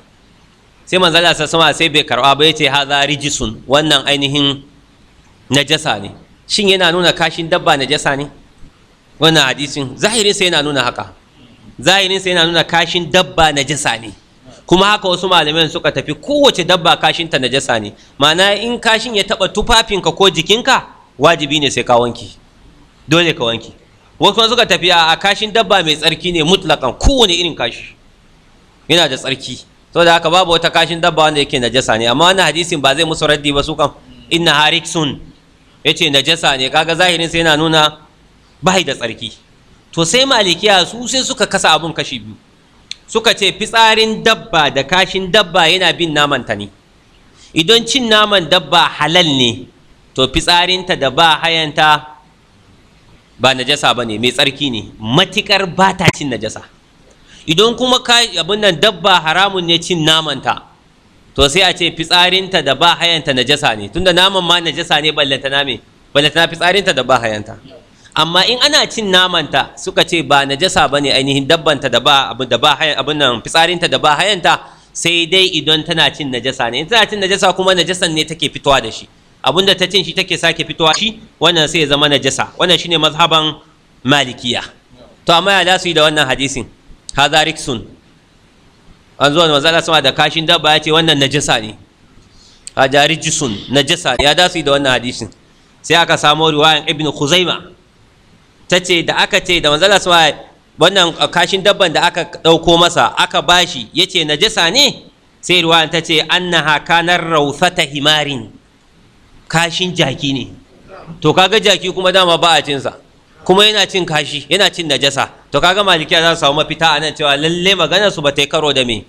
sai manzala sa sama sai bai karba ba yace haza rijisun wannan ainihin najasa ne shin yana nuna kashin dabba najasa ne wannan hadisin zahirin sai yana nuna haka zahirinsa yana nuna kashin dabba najasa ne kuma haka wasu malaman suka tafi kowace dabba kashinta najasa ne ma'ana in kashin ya taba tufafinka ko jikinka wajibi ne sai ka wanki dole ka wanki wasu kuma suka tafi a kashin dabba mai tsarki ne mutlakan kowane irin kashi yana da tsarki saboda haka babu wata kashin dabba wanda yake najasa ne amma wannan hadisin ba zai musu raddi ba su kan? inna hariksun yace najasa ne kaga zahirin sai yana nuna bai da tsarki to sai malikiya su sai suka kasa abun kashi biyu suka ce fitsarin dabba da kashin dabba yana bin naman ta ne idan cin naman dabba halal ne to fitsarinta da ba hayanta ba najasa ba ne mai tsarki ne matikar ba ta cin najasa idan kuma abin nan dabba haramun ne cin namanta to sai a ce fitsarinta da ba hayanta najasa ne tunda naman ma najasa ne ballantana me fitsarinta da ba hayanta amma in ana cin namanta suka ce ba najasa ne ainihin dabbanta da ba abin da ba abin nan fitsarinta da ba hayanta sai dai idan tana cin najasa ne in tana cin najasa kuma najasan ne take fitowa da shi abinda ta cin shi take sake fitowa shi wannan sai ya zama najasa wannan shine mazhaban malikiya to amma ya lasu da wannan hadisin hadha riksun an zuwa manzo Allah sama da kashin dabba ya ce wannan najasa ne hadha rijsun najasa ya dasu da wannan hadisin sai aka samo riwayan ibnu khuzaimah ta ce da aka ce da manzala sama wannan uh, kashin dabban da aka ɗauko masa aka bashi ya ce najasa ne sai ruwan ta ce an na haka na rausata himarin kashin jaki ne to kaga jaki kuma dama ba a cinsa kuma yana cin kashi yana cin najasa to kaga malikiya za su samu mafita a nan cewa lalle magana su ba ta yi karo da me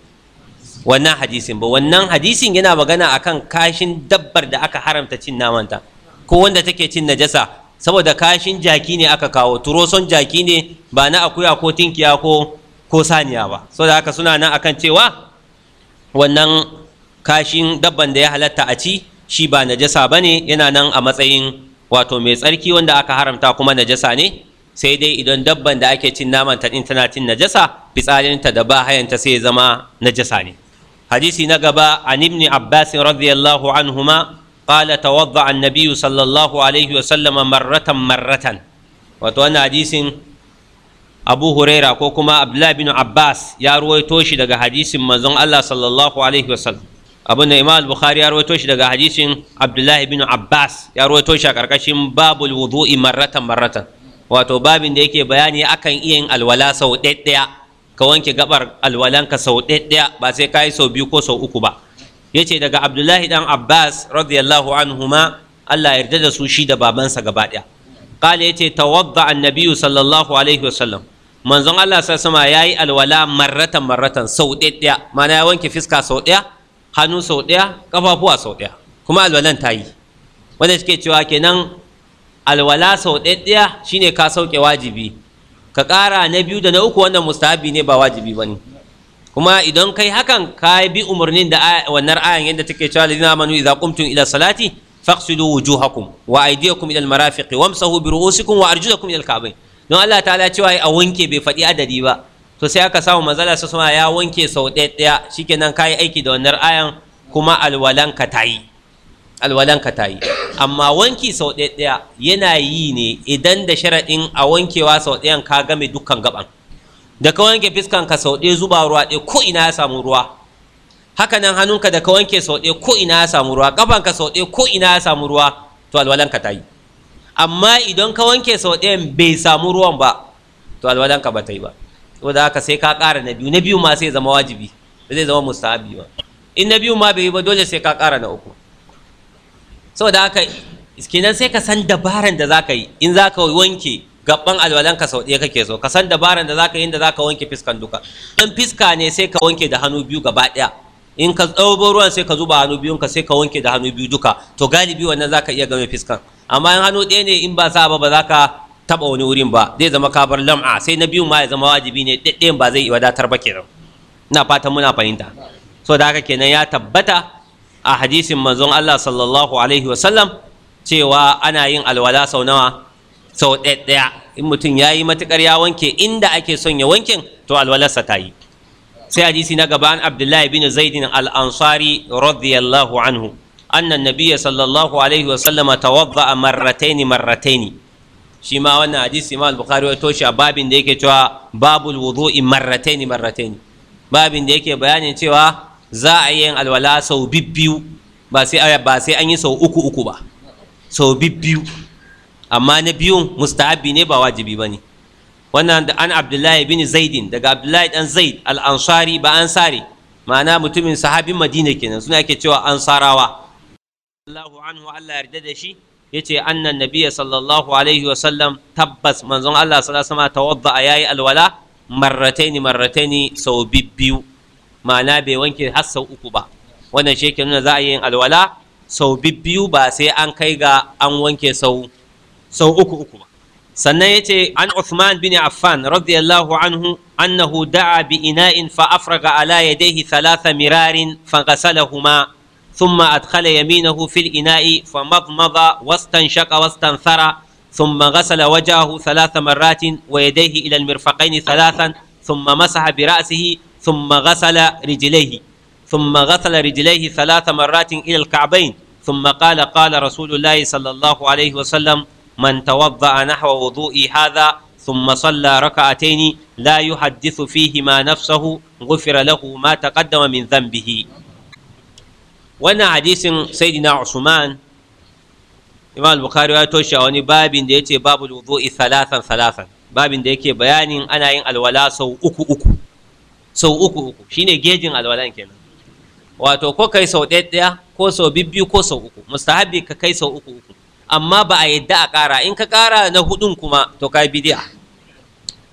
wannan hadisin ba wannan hadisin yana magana akan kashin dabbar da aka haramta cin namanta ko wanda take cin najasa saboda kashin jaki ne aka kawo turoson jaki ne ba na akuya ko tinkiya ko ko saniya ba saboda haka suna nan akan cewa wannan kashin dabban da ya halatta a ci shi ba najasa ba ne yana nan a matsayin wato mai tsarki wanda aka haramta kuma najasa ne sai dai idan dabban da ake cin naman ta tana cin najasa ta da ba bahayanta sai ya zama najasa ne hadisi na gaba an ibn abbas radiyallahu anhuma qala tawadda annabi sallallahu alaihi wa sallama marratan marratan wato wannan hadisin Abu Huraira ko kuma Abdullah bin Abbas ya ruwaito shi daga hadisin manzon Allah sallallahu alaihi wa sallam abin da Imam Bukhari ya ruwaito shi daga hadisin Abdullah bin Abbas ya ruwaito shi a karkashin babul wudu'i wato babin da yake bayani akan iya yin alwala sau ɗaya ka wanke gabar alwalanka sau ɗaya ba sai ka yi sau biyu ko sau uku ba Ya ce daga abdullahi dan abbas radiyallahu anhuma Allah yarda da su shi da babansa gaba daya qala ce tawadda annabiyu sallallahu alaihi wasallam manzon Allah sallallahu alaihi yayi alwala marratan marratan sau daya mana ya wanke fiska sau daya hannu sau daya kafafuwa sau ɗaya. kuma alwalan ta yi wanda suke cewa kenan alwala sau daya shine ka sauke wajibi ka ƙara na biyu da na uku wannan mustahabi ne ba wajibi bane kuma idan kai hakan ka bi umarnin da wannan ayan yadda take cewa ladina amanu idza qumtum ila salati faqsilu wujuhakum wa aydiyakum ila almarafiq wamsahu bi ru'usikum wa arjulakum ila alka'bayn don Allah ta'ala cewa a wanke bai fadi adadi ba to sai aka samu manzala sa sama ya wanke sau ɗaya ɗaya shikenan kayi aiki da wannan ayan kuma alwalanka tayi alwalanka tayi amma wanki sau ɗaya ɗaya yana yi ne idan da sharaɗin a wankewa sau ɗayan ka game dukkan gaban da ka wanke fiskanka sau ɗaya zuba ruwa ɗaya ko ina ya samu ruwa haka nan hannunka da ka wanke sau ɗaya ko ina ya samu ruwa ƙafanka sau ɗaya ko ina ya samu ruwa to alwalanka ta yi amma idan ka wanke sau ɗayan bai samu ruwan ba to alwalanka ba ta yi ba saboda haka sai ka ƙara na biyu na biyu ma sai zama wajibi ba zai zama mustahabi ba in na biyu ma bai yi ba dole sai ka ƙara na uku saboda haka kenan sai ka san dabaran da za ka yi in za ka wanke Gabban alwalanka sau ɗaya kake so ka san dabaran da zaka yi da zaka wanke fiskan duka in fiska ne sai ka wanke da hannu biyu gaba ɗaya in ka tsaubo ruwan sai ka zuba hannu biyun ka sai ka wanke da hannu biyu duka to galibi wannan zaka iya game fiskan amma in hannu ɗaya ne in ba sa ba ba ka taba wani wurin ba zai zama kabar lam'a sai na biyun ma ya zama wajibi ne ɗaɗɗayan ba zai wadatar ba kenan ina fatan muna fahimta so da haka kenan ya tabbata a hadisin manzon Allah sallallahu alaihi wasallam cewa ana yin alwala sau nawa sau ɗaya eh, in mutum ya yi matuƙar ya wanke inda ake son ya wankin to alwalarsa ta yi sai hadisi na gaba an abdullahi bin zaidin al-ansari radiyallahu anhu annan nabiyya sallallahu alaihi wa sallama a marrataini marrataini shi ma wannan hadisi imam al-bukhari ya toshe a babin da yake cewa babul wudu'i marrataini marrataini babin da yake bayanin cewa za a yi alwala sau bibbiyu ba sai ba sai an yi sau uku uku ba sau bibbiyu amma na biyun mustahabi ne ba wajibi ba ne wannan da an abdullahi bin zaidin daga abdullahi dan zaid al'ansari ba an tsari, ma'ana mutumin sahabin madina kenan suna ke cewa an tsarawa. Allahu anhu Allah yarda da shi ya yace annan nabiyya sallallahu alaihi wasallam tabbas manzon Allah sallallahu alaihi wasallam tawadda yayi alwala marrataini marrataini sau bibbiyu ma'ana bai wanke har sau uku ba wannan shi nuna za a yi alwala sau biyu ba sai an kai ga an wanke sau sau uku uku ba sannan ya ce an Uthman bin Affan radiyallahu anhu annahu da'a bi ina'in fa afraga ala yadayhi thalatha mirarin fa ghasalahuma thumma adkhala yaminahu fil ina'i fa madmada wastanshaqa wastanthara thumma ghasala wajahu thalatha marratin wa yadayhi ila al-mirfaqayn thalathan thumma masaha bi ra'sihi thumma ghasala rijlayhi thumma ghasala rijlayhi thalatha marratin ila al-ka'bayn thumma qala qala rasulullahi sallallahu alayhi wa sallam man tawadda'a nahwa wudu'i hadha thumma salla rak'atayn layu haddisu fihi ma nafsahu ghufira lahu ma taqaddama min dhanbihi wannan hadisin Saidina Usman Imam al-Bukhari ya toshe wani babin da yace babul wudu'i thalathan thalathan babin da yake bayanin ana yin alwala sau uku uku sau uku uku shine gejin alwalan kenan wato ko kai sau ɗaya ko sau bibbiyu ko sau uku mustahabi ka kai sau uku uku amma ba a yadda a ƙara in ka ƙara na hudun kuma to ka bi dia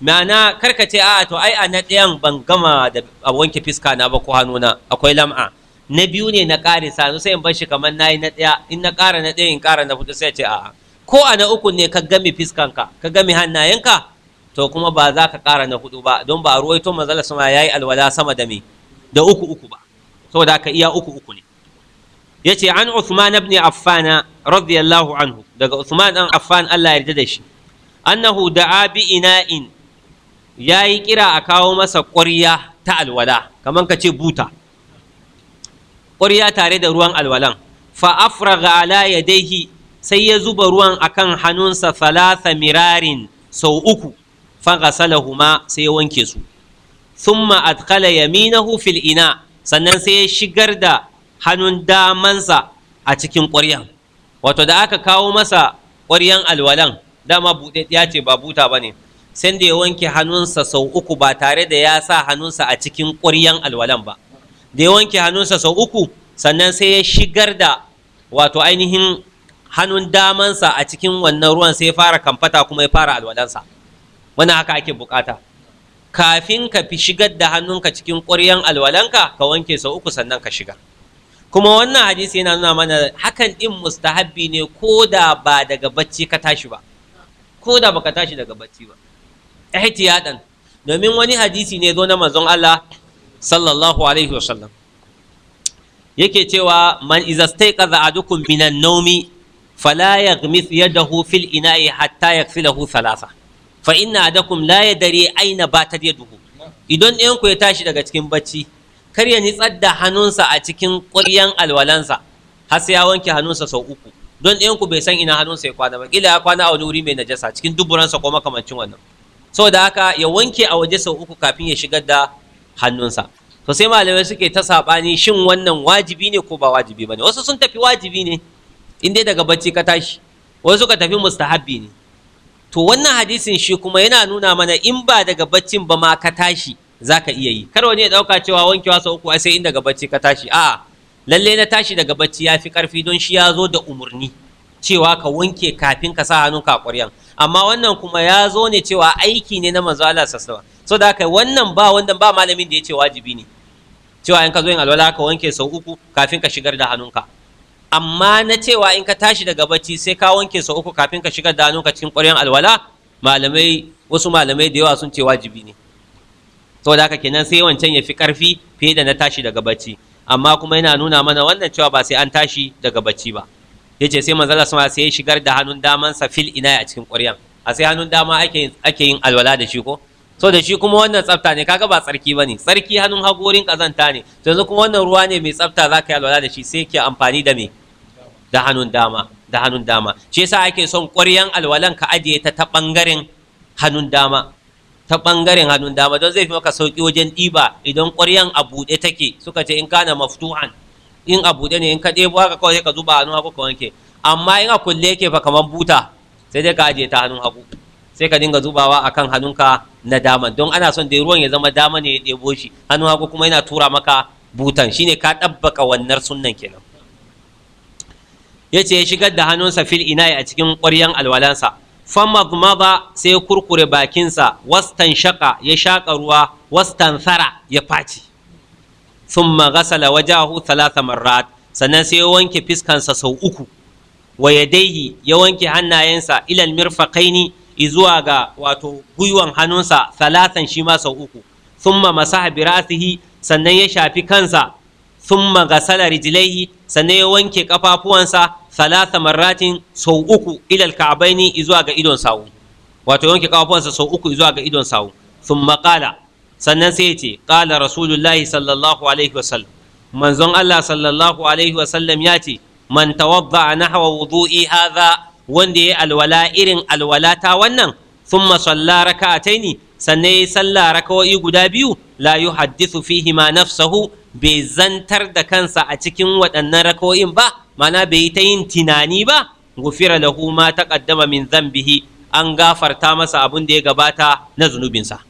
ma'ana karka ce a'a to ai a na ɗayan ban gama da a wanke fiska na ba ko hannuna akwai lam'a na biyu ne na ƙare sa sai in bar shi kamar nayi na ɗaya in na ƙara na ɗaya in ƙara na hudu sai ce a'a ko a na uku ne ka gami fiskanka ka gami hannayenka to kuma ba za ka ƙara na hudu ba don ba a ruwaito manzala sama yayi alwala sama da me da uku uku ba saboda ka iya uku uku ne yace an Uthman ibn Affan radiyallahu anhu daga Uthman dan Affan Allah ya yarda da shi annahu da'a bi ina'in yayi kira a kawo masa ƙwarya ta alwala kaman ka ce buta ƙwarya tare da ruwan alwalan fa afraga ala yadayhi sai ya zuba ruwan akan hannunsa salasa mirarin sau uku fa ghasalahuma sai ya wanke su thumma adkhala yaminahu fil ina sannan sai ya shigar da hannun damansa a cikin ƙwaryan wato da aka kawo masa ƙwaryan alwalan dama buɗaɗɗiya ce ba buta ba ne sai da ya wanke hannunsa sau uku ba tare da ya sa hannunsa a cikin ƙwaryan alwalan ba da ya wanke hannunsa sau uku sannan sai ya shigar da wato ainihin hannun damansa a cikin wannan ruwan sai ya fara kamfata kuma ya fara alwalansa Wani haka ake bukata kafin ka fi shigar da hannunka cikin ƙwaryan alwalanka ka wanke sau uku sannan ka shiga kuma wannan hadisi yana nuna mana hakan din mustahabbi ne ko da ba daga bacci ka tashi ba ko da baka tashi daga bacci ba ihtiyadan domin wani hadisi ne zo na manzon Allah sallallahu alaihi wasallam yake cewa man iza staiqaza adukum minan nawmi fala yaghmis yadahu fil ina'i hatta yaghsilahu thalatha fa inna adakum la yadri aina batat yaduhu idan ɗayan ya tashi daga cikin bacci kar ya nitsar da hannunsa a cikin ƙwaryan alwalansa har sai ya wanke hannunsa sau uku don ɗayan ku bai san ina hannunsa ya kwana ba ya kwana a wani wuri mai najasa cikin duburansa ko makamancin wannan saboda haka ya wanke a waje sau uku kafin ya shigar da hannunsa to sai malamai suke ta saɓani shin wannan wajibi ne ko ba wajibi ba ne wasu sun tafi wajibi ne in dai daga bacci ka tashi wasu suka tafi mustahabbi ne to wannan hadisin shi kuma yana nuna mana in ba daga baccin ba ma ka tashi Za ka iya yi kar wani ya ɗauka cewa wankewa sau uku sai inda daga bacci ka tashi a'a lalle na tashi daga bacci ya fi ƙarfi don shi ya zo da umurni cewa ka wanke kafin ka sa hannunka a ƙwaryan amma wannan kuma ya zo ne cewa aiki ne na manzo Allah sassawa so da haka wannan ba wanda ba malamin da ya ce wajibi ne cewa in ka zo yin alwala ka wanke sau uku kafin ka shigar da hannunka amma na cewa in ka tashi daga bacci sai ka wanke sau uku kafin ka shigar da hannunka cikin ƙwaryan alwala malamai wasu malamai da yawa sun ce wajibi ne saboda haka kenan sai wancan ya fi ƙarfi fiye da na tashi daga bacci amma kuma yana nuna mana wannan cewa ba sai an tashi daga bacci ba yace sai manzala sama sai ya shigar da hannun damansa fil ina a cikin ƙuryan a sai hannun dama ake ake yin alwala da shi ko so da shi kuma wannan tsafta ne kaga ba tsarki bane tsarki hannun hagorin kazanta ne to yanzu kuma wannan ruwa ne mai tsafta zaka yi alwala da shi sai ke amfani da me da hannun dama da hannun dama shi yasa ake son ƙwaryan alwalan ka ajiye ta ta bangaren hannun dama ta bangaren hannun dama don zai fi maka sauki wajen ɗiba idan ƙwaryan a buɗe take suka ce in kana maftuhan in a buɗe ne in ka ɗebo haka kawai ka zuba hannun hagu ka wanke amma in a kulle yake fa kamar buta sai dai ka ajiye ta hannun hagu sai ka dinga zubawa akan hannunka na dama don ana son dai ruwan ya zama dama ne ya ɗebo shi hannun hagu kuma yana tura maka butan shine ka ɗabbaka wannan sunnan kenan yace ya shigar da hannunsa fil ina a cikin ƙwaryan alwalansa famadmada sai ya kurkure bakinsa wastan shaka ya shaƙa ruwa wastan thara ya faci thumma ghasala wajahu thalatha marrat sannan sai ya wanke fiskansa sau uku wa ya wanke hannayensa ilal mirfaqaini izuwa ga wato gwiwan hannunsa thalathan shi ma sau uku thumma masaha birasihi, sannan ya shafi kansa thumma ghasala rijlaihi sannan ya wanke kafafuwansa thalatha marratin sau uku ila alka'baini zuwa ga idon sawu wato wanke kafafuwansa sau uku zuwa ga idon sawu thumma qala sannan sai ya ce qala rasulullahi sallallahu alaihi wasallam manzon Allah sallallahu alaihi wasallam ya ce man na nahwa wudu'i aza wanda ya alwala irin alwala ta wannan thumma salla raka'ataini sannan ya salla raka'o'i guda biyu la yuhaddithu fihi nafsahu bai zantar da kansa a cikin waɗannan rako'in ba mana bai yi ta yin tunani ba gufira da huma ma ƙaddama min zambihi an gafarta masa abin da ya gabata na zunubinsa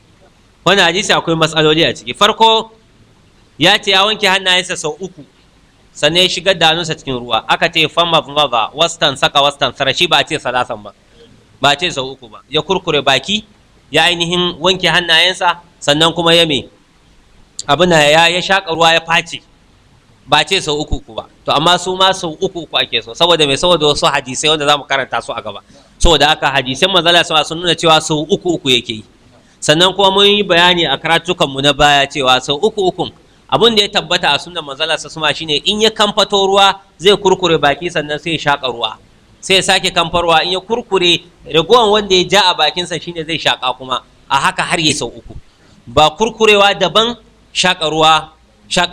wannan hadisi akwai matsaloli a ciki farko ya ce ya wanke hannayensa sau uku sannan ya shigar da cikin ruwa aka ce fama maza wastan saka wastan Sarashi ba ce salasan ba ba ce sau uku ba ya kurkure baki ya ainihin wanke hannayensa sannan kuma ya me abin ya ya shaƙa ruwa ya face ba ce sau uku ku ba to amma su ma sau uku ku ake so saboda mai saboda wasu hadisai wanda za mu karanta su a gaba saboda aka hadisai, manzala sama sun nuna cewa sau uku uku yake yi sannan kuma mun yi bayani a karatukan mu na baya cewa sau uku ukun abin da ya tabbata a sunan manzala suma shine in ya kamfato ruwa zai kurkure baki sannan sai ya shaƙa ruwa sai ya sake kamfarwa in ya kurkure ragowan wanda ya ja a bakinsa shine zai shaƙa kuma a haka har ya sau uku ba kurkurewa daban shaƙa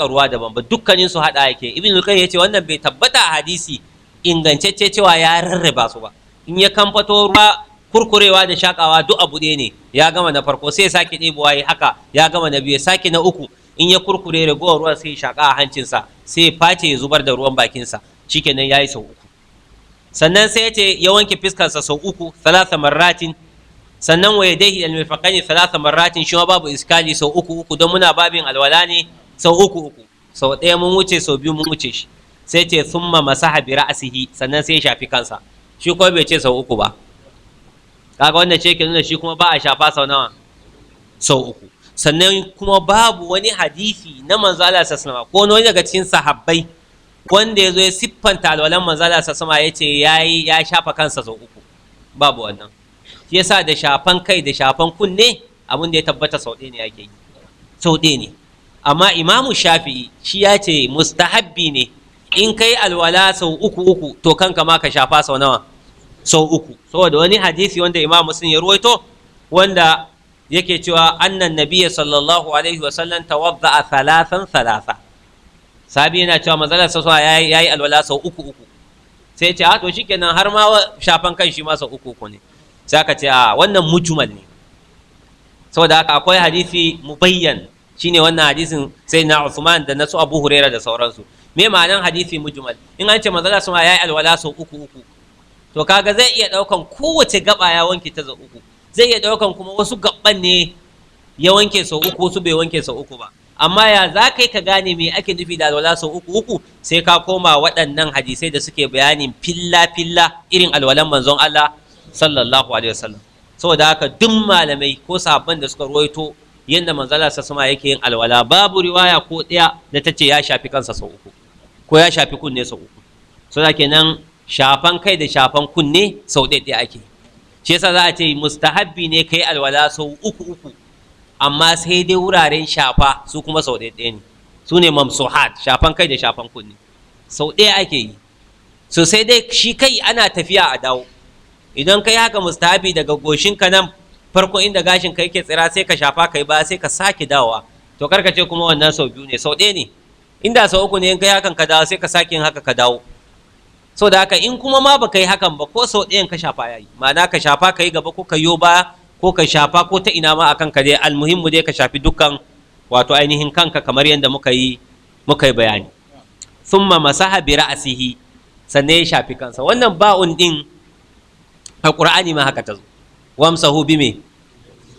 ruwa daban ba dukkanin su haɗa yake ibn al-qayyim yace wannan bai tabbata a hadisi ingantacce cewa ya rarraba su ba in ya kamfato ruwa kurkurewa da shakawa duk abu ɗaya ne ya gama na farko sai ya sake ɗebowa ya haka ya gama na biyu ya sake na uku in ya kurkure ragowar ruwan sai shaka a hancinsa sai ya face ya zubar da ruwan bakinsa shikenan ya yi sau uku sannan sai ya ya wanke fiskarsa sau uku salasa marratin sannan wa yadayhi al mirfaqaini thalatha marratin shi ma babu iskali sau uku uku don muna babin alwala ne sau uku uku sau ɗaya mun wuce sau biyu mun wuce shi sai ce summa masaha bi ra'sihi sannan sai ya shafi kansa shi kuma bai ce sau uku ba kaga wanda ce ke nuna shi kuma ba a shafa sau nawa sau uku sannan kuma babu wani hadisi na manzo Allah sallallahu alaihi ko wani daga cikin sahabbai wanda ya zo ya siffanta alwalan sallallahu alaihi sama ya ce ya shafa kansa sau uku babu wannan shi yasa da shafan kai da shafan kunne abin da ya tabbata sau ɗaya ne ake yi sau ɗaya ne amma imamu shafi'i shi ya ce mustahabbi ne in kai alwala sau uku uku to kanka ma ka shafa sau nawa sau uku saboda wani hadisi wanda imam muslim ya ruwaito wanda yake cewa annan nabiyya sallallahu alaihi wa wasallam tawadda'a thalathan thalatha sabi yana cewa matsalar sassa ya yi alwala sau uku uku sai ce a to shikenan har ma shafan kan shi ma sau uku uku ne sai ce a wannan mujmal ne saboda haka akwai hadisi mubayyan shine wannan hadisin sai na Uthman da nasu Abu Huraira da sauransu me ma'anan hadisi mujmal in an ce manzala sun yayi alwala sau uku uku to kaga zai iya daukan kowace gaba ya wanke ta sau uku zai iya daukan kuma wasu gabban ne ya wanke sau uku su bai wanke sau uku ba amma ya za kai ka gane me ake nufi da alwala sau uku uku sai ka koma waɗannan hadisai da suke bayanin filla filla irin alwalan manzon Allah sallallahu alaihi wasallam saboda haka duk malamai ko sahabban da suka ruwaito yadda manzala sa sama yake yin alwala babu riwaya ko ɗaya da ta ce ya shafi kansa sau uku ko ya shafi kunne sau uku saboda kenan shafan kai da shafan kunne sau ɗaya ake shi yasa za a ce mustahabbi ne kai alwala sau uku uku amma sai dai wuraren shafa su kuma sau ɗaya ne su ne mamsuhat shafan kai da shafan kunne sau ɗaya ake yi so sai dai shi kai ana tafiya a dawo idan kai haka mustafi daga goshinka nan farko inda gashin ka yake tsira sai ka shafa kai ba sai ka sake dawowa to karka ce kuma wannan sau biyu ne sau ɗaya ne inda sau uku ne in kai hakan ka dawo sai ka sake yin haka ka dawo so da haka in kuma ma baka yi hakan ba ko sau ɗayan ka shafa yayi ma'ana ka shafa ka yi gaba ko ka yo ba ko ka shafa ko ta ina ma akan ka dai almuhimmu dai ka shafi dukkan wato ainihin kanka kamar yadda muka yi muka yi bayani thumma masaha bi ra'sihi sannan ya shafi kansa wannan ba'un din a ma haka ta zo wamsahu bi me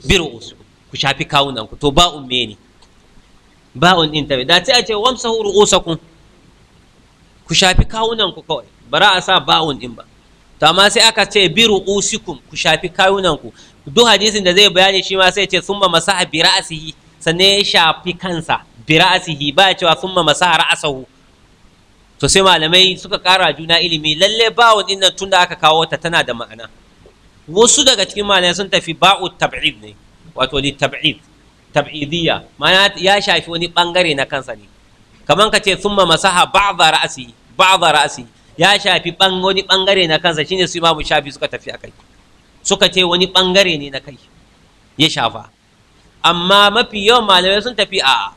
bir ku shafi kawunan ku to ba'un me ne ba'un din ta da ta ce wamsahu ru'usakum ku shafi kawunan ku kawai bara a sa ba'un din ba to amma sai aka ce bi ru'usikum ku shafi kawunan ku duk hadisin da zai bayani shi ma sai ce summa masaha bi ra'sihi sannan ya shafi kansa bi ra'sihi ba ya cewa summa masaha ra'sahu to sai malamai suka kara juna ilimi lalle ba din tun da aka kawo ta tana da ma'ana wasu daga cikin malamai sun tafi ba'u tab'id ne wato li tab'id tab'idiyya ma'ana ya shafi wani bangare na kansa ne kaman ka ce thumma masaha ba'dha ra'si ba'dha ra'si ya shafi wani bangare na kansa shine su imamu shafi suka tafi akai suka ce wani bangare ne na kai ya shafa amma mafi yawan malamai sun tafi a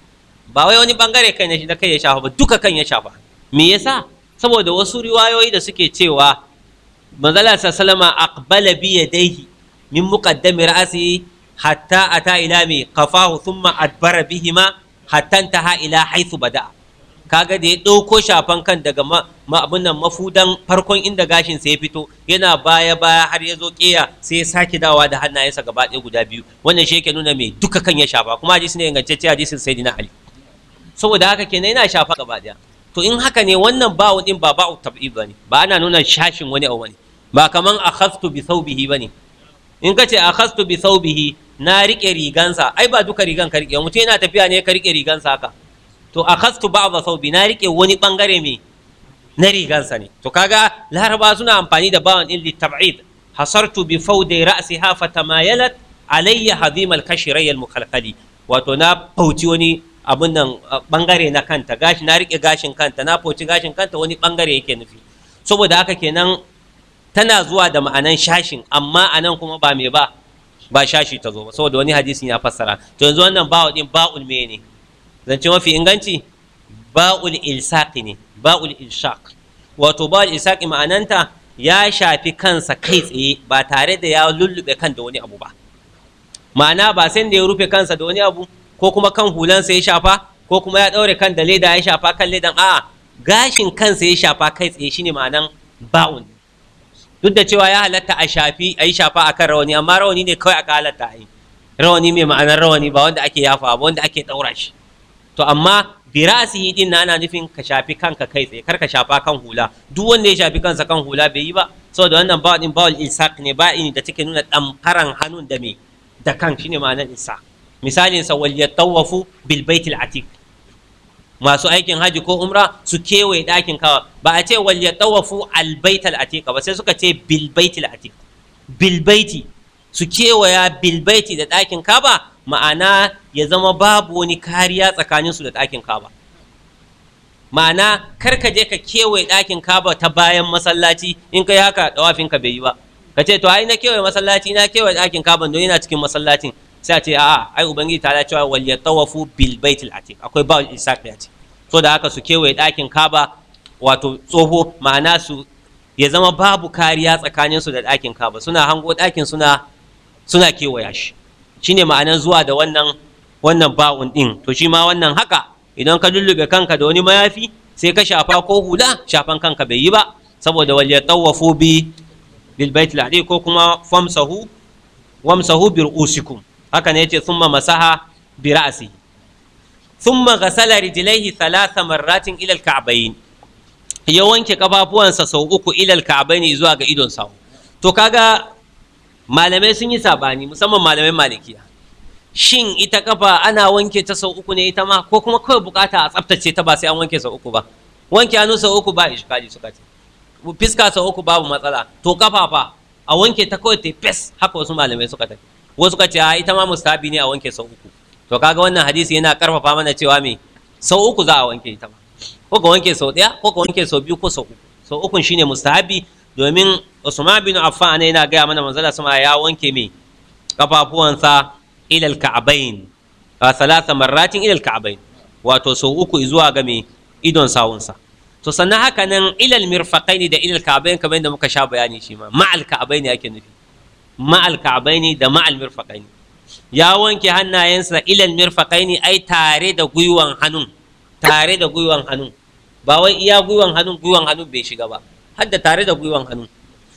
ba wai wani bangare kai na kai ya shafa ba duka kan ya shafa me yasa saboda wasu riwayoyi da suke cewa manzala sallama aqbala bi yadayhi min muqaddami ra'si hatta ata ila mi qafahu thumma adbara bihima hatta intaha ila haythu bada kaga da ya dauko shafan kan daga abun nan mafudan farkon inda gashin sa ya fito yana baya baya har ya zo keya sai ya sake dawa da hannayensa gaba ɗaya guda biyu wannan shi nuna mai duka kan ya shafa kuma hadisi ne ingantacce hadisin sayyidina ali saboda haka kenan yana shafa gaba ɗaya to in haka ne wannan ba'u din ba ba'u tab'id bane ba ana nuna shashin wani a wani ba kaman a akhastu bi thawbihi ne. in ka ce a akhastu bi thawbihi na riƙe rigansa ai ba duka rigan ka rike mutum yana tafiya ne ka riƙe rigansa haka to a akhastu ba thawbi na riƙe wani ɓangare me na rigansa ne to kaga laraba suna amfani da ba'un din litab'id hasartu bi fawdi ra'siha fatamayalat alayya hadhimal kashrayal mukhalqali wato na fauci wani abin nan bangare na kanta gashi na rike gashin kanta na foci gashin kanta wani bangare yake nufi saboda haka kenan tana zuwa da ma'anan shashin amma anan kuma ba me ba ba shashi ta zo ba saboda wani hadisi ya fassara to yanzu wannan ba'u din ba'ul me ne zance mafi inganci ba'ul ilsaqi ne ba'ul ilshaq wato ba'ul ilsaqi ma'ananta ya shafi kansa kai tsaye ba tare da ya lullube kan da wani abu ba ma'ana ba sai da ya rufe kansa da wani abu ko kuma kan hulansa ya shafa ko kuma ya ɗaure kan da leda ya shafa kan ledan a'a gashin kansa ya shafa kai tsaye shine ma'anan ba'un duk da cewa ya halatta a shafi a shafa akan rawani amma rawani ne kawai aka halatta a yi rawani mai ma'anar rawani ba wanda ake yafa ba wanda ake ɗaura shi to amma birasihi din na ana nufin ka shafi kanka kai tsaye kar ka shafa kan hula duk wanda ya shafi kansa kan hula bai yi ba saboda wannan ba din ba'ul isaq ne ba'ini da take nuna ɗamfaran hannun da me da kan shine ma'anan isaq misalin sa wal yatawafu bil baitil atiq masu aikin haji ko umra su kewaye ɗakin kawa ba a ce wal yatawafu al baitil atiq ba sai suka ce bil baitil atiq bil baiti su kewaya bil baiti da ɗakin kaba ma'ana ya zama babu wani kariya tsakaninsu da ɗakin kaba ma'ana kar ka je ka kewaye ɗakin kaba ta bayan masallaci in ka yi haka tawafinka bai yi ba ka ce to ai na kewaye masallaci na kewaye ɗakin kaba don yana cikin masallacin sai a ce a'a ai ubangiji ta cewa ya tawafu bil baitil atiq akwai ba insaq da ce so da haka su kewaye dakin kaba wato tsoho ma'ana su ya zama babu kariya tsakanin su da dakin kaba suna hango dakin suna suna kewaya shi shine ma'anan zuwa da wannan wannan ba'un din to shi ma wannan haka idan ka lullube kanka da wani mayafi sai ka shafa ko hula shafan kanka bai yi ba saboda wal tawafu bi bil baitil atiq ko kuma famsahu wamsahu bir usikum haka ne yace summa masaha bi ra'si thumma ghasala rijlaihi thalatha marratin ila al-ka'bayn ya wanke kafafuwansa sau uku ila al-ka'bayn zuwa ga idon sa to kaga malamai sun yi sabani musamman malamai malikiya shin ita kafa ana wanke ta sau uku ne ita ma ko kuma kawai bukata a tsaftace ta ba sai an wanke sau uku ba wanke hannu sau uku ba ishkaji suka ce fiska sau uku babu matsala to kafa fa a wanke ta kawai ta fes haka wasu malamai suka tafi wasu ka a ita ma mustahabi ne a wanke sau uku to kaga wannan hadisi yana karfafa mana cewa me sau uku za a wanke ita ma ko ka wanke sau ɗaya ko ka wanke sau biyu ko sau uku sau ukun shine mustahabi domin Usman bin Affan ne yana gaya mana manzala sama ya wanke me kafafuwansa ilal ka'abain a salasa marratin ilal ka'abain wato sau uku zuwa ga me idon sawunsa to sannan haka nan ilal mirfaqaini da ilal ka'abain kamar yadda muka sha bayani shi ma ma'al ka'abaini yake nufi ma'al ka'baini da ma'al mirfaqaini ya wanke hannayensa ilal mirfaqaini ai tare da gwiwan hannun tare da gwiwan hannun ba wai iya gwiwan hannun gwiwan hannun bai shiga ba har da tare da gwiwan hannun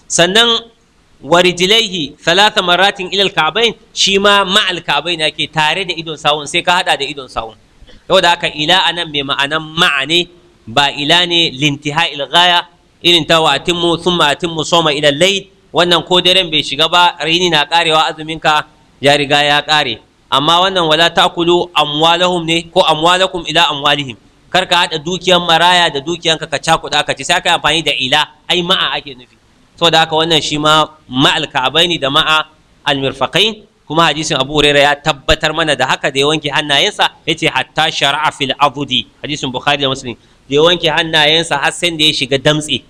sannan warijilaihi thalatha maratin ilal ka'bain shi ma ma'al ka'bain yake tare da idon sawun sai ka hada da idon sawun yau da haka ila anan mai ma'anan ma'ane ba ila ne lintiha ilgaya irin ta wa atimmu thumma atimmu soma ila layl wannan ko daren bai shiga ba raini na karewa azuminka ya riga ya kare amma wannan wala takulu amwalahum ne ko amwalakum ila amwalihim kar ka hada dukiyan maraya da dukiyanka ka cakuda ka ci sai ka amfani da ila ai ma'a ake nufi saboda haka wannan shi ma ma'al ka'abaini da ma'a almirfaqain kuma hadisin Abu Hurairah ya tabbatar mana da haka da ya wanke hannayensa yace hatta shar'a fil abudi hadisin Bukhari da Muslim da ya wanke hannayensa har sai da ya shiga damtse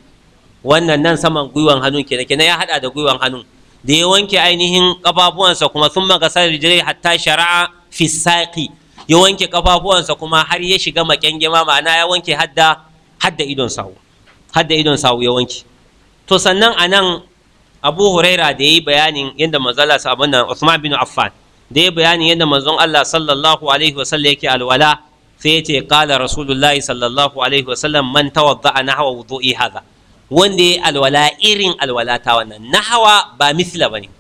wannan nan saman gwiwan hannun kenan kenan ya hada da gwiwan hannun da ya wanke ainihin kafafuwansa kuma sun magasar rijilai hatta shara'a fi saqi ya wanke kafafuwansa kuma har ya shiga makengema ma'ana ya wanke hadda hadda idon sawu hadda idon sawu ya wanke to sannan anan Abu Huraira da ya yi bayanin yadda manzon Allah sabon nan Uthman bin Affan da ya yi bayanin yadda manzon Allah sallallahu alaihi wasallam yake alwala sai ya ce qala rasulullahi sallallahu alaihi wasallam man tawadda nahwa wudu'i hadha wanda ya alwala irin alwala ta wannan hawa ba misla bane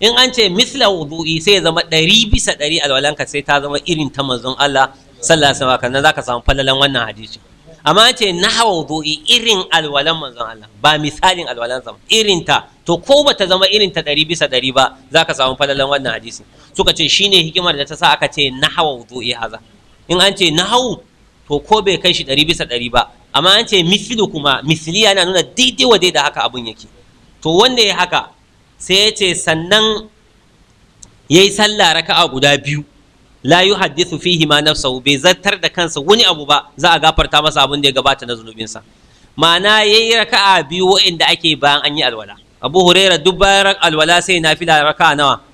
in an ce misla wudu'i sai ya zama ɗari bisa ɗari alwalanka sai ta zama irin ta manzon Allah sallallahu alaihi wasallam za ka samu falalan wannan hadisi amma an ce na hawa wudu'i irin alwalan manzon Allah ba misalin alwalan zama irin ta to ko ba ta zama irin ta ɗari bisa ɗari ba za ka samu falalan wannan hadisi suka ce shine hikimar da ta sa aka ce na hawa wudu'i haza in an ce na hawa to ko bai kai shi ɗari bisa ɗari ba amma an ce mislu kuma misli yana nuna daidai wa da haka abun yake to wanda ya haka sai ya ce sannan ya yi sallah raka'a guda biyu la yuhaddithu fihi ma nafsahu bai zartar da kansa wani abu ba za a gafarta masa abin da ya gabata na zunubinsa ma'ana ya yi raka'a biyu wa'inda ake bayan an yi alwala abu huraira duk bayan alwala sai nafila raka'a nawa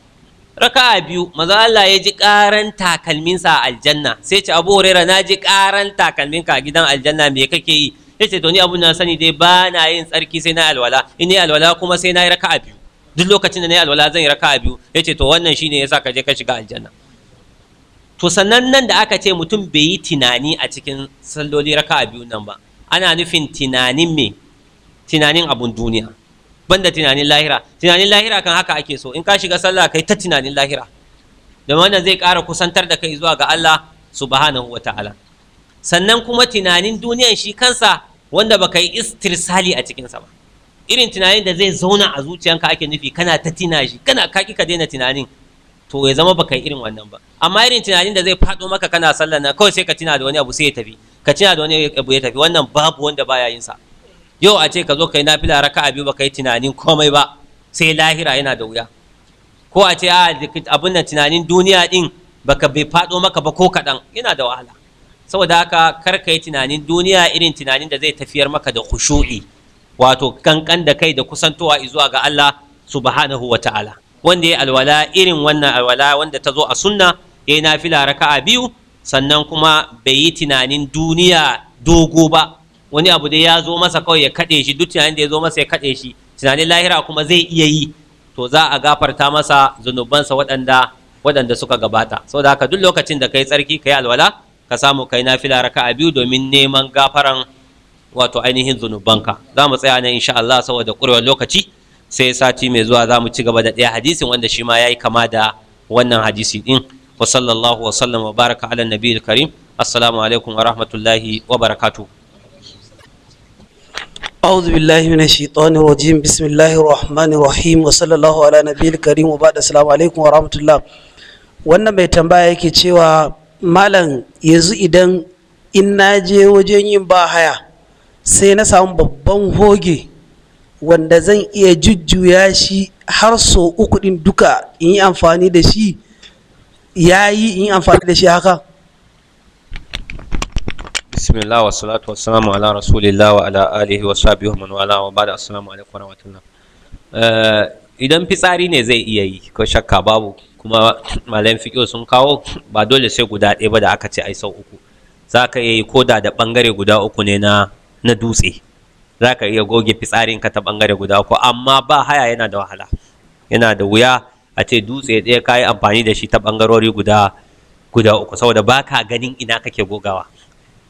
raka'a biyu Maza Allah ya ji karan takalminsa a aljanna sai ce Abu Hurairah na ji karan takalminka a gidan aljanna me kake yi yace to ni abun na sani dai ba na yin tsarki sai na alwala in ni alwala kuma sai na yi raka'a biyu duk lokacin da na yi alwala zan yi raka'a biyu yace to wannan shine yasa ka je ka shiga aljanna to sannan nan da aka ce mutum bai yi tunani a cikin salloli raka'a biyu nan ba ana nufin tunanin me tunanin abun duniya banda tunanin lahira tunanin lahira kan haka ake so in ka shiga sallah kai ta tunanin lahira domin wannan zai ƙara kusantar da kai zuwa ga Allah subhanahu wata'ala sannan kuma tunanin duniyan shi kansa wanda baka yi istirsali a cikinsa ba irin tunanin da zai zauna a zuciyanka ake nufi kana ta tina shi kana kaki ka daina tunanin to ya zama baka yi irin wannan ba amma irin tunanin da zai faɗo maka kana sallah na kawai sai ka tina da wani abu sai ya tafi ka tina da wani abu ya tafi wannan babu wanda baya yin sa yau a ce ka zo kai nafila raka'a biyu baka yi tunanin komai ba sai lahira yana da wuya ko a ce a ah, abin nan tunanin duniya din baka bai faɗo maka ba ko kaɗan yana da wahala saboda haka kar ka yi tunanin duniya irin tunanin da zai tafiyar maka da khushu'i wato kankan da kai da kusantowa zuwa ga Allah subhanahu wa ta'ala wanda ya alwala irin wannan alwala wanda ta zo a sunna ya yi nafila raka'a biyu sannan kuma bai yi tunanin duniya dogo ba wani abu dai ya zo masa kawai ya kaɗe shi duk tunanin da ya zo masa ya kaɗe shi tunanin lahira kuma zai iya yi to za a gafarta masa zunubansa waɗanda waɗanda suka gabata saboda haka duk lokacin da kai tsarki kai alwala ka samu kai nafila a biyu domin neman gafaran wato ainihin zunubanka za mu tsaya nan insha Allah saboda ƙurewar lokaci sai sati mai zuwa za mu ci gaba da ɗaya hadisin wanda shi ma ya yi kama da wannan hadisi ɗin wa sallallahu wa sallam wa baraka ala nabiyil karim assalamu alaikum wa rahmatullahi wa barakatuh أعوذ بالله من الشيطان الرجيم بسم الله الرحمن الرحيم وصلى الله على نبي الكريم وبعد السلام wannan mai tambaya yake cewa malam yanzu idan in na je wajen yin bahaya sai na samu babban hoge wanda zan iya jujjuya shi har so uku ɗin duka in yi amfani da shi ya yi in amfani da shi haka bismillah wa salatu salamu ala rasulillah wa ala alihi wa sahbihi man wala wa ba'da assalamu alaikum wa eh, idan fitsari ne zai iya yi ko shakka babu kuma [clears throat] malayan fiqh sun kawo ba dole sai guda ɗaya ba da aka ce ai sau uku za ka iya yi koda da bangare guda uku ne na dutse za ka iya goge fitsarin ka ta bangare guda uku amma ba haya yana da wahala yana da wuya a ce dutse ɗaya ka yi amfani da shi ta bangarori guda guda uku saboda ba ka ganin ina kake gogawa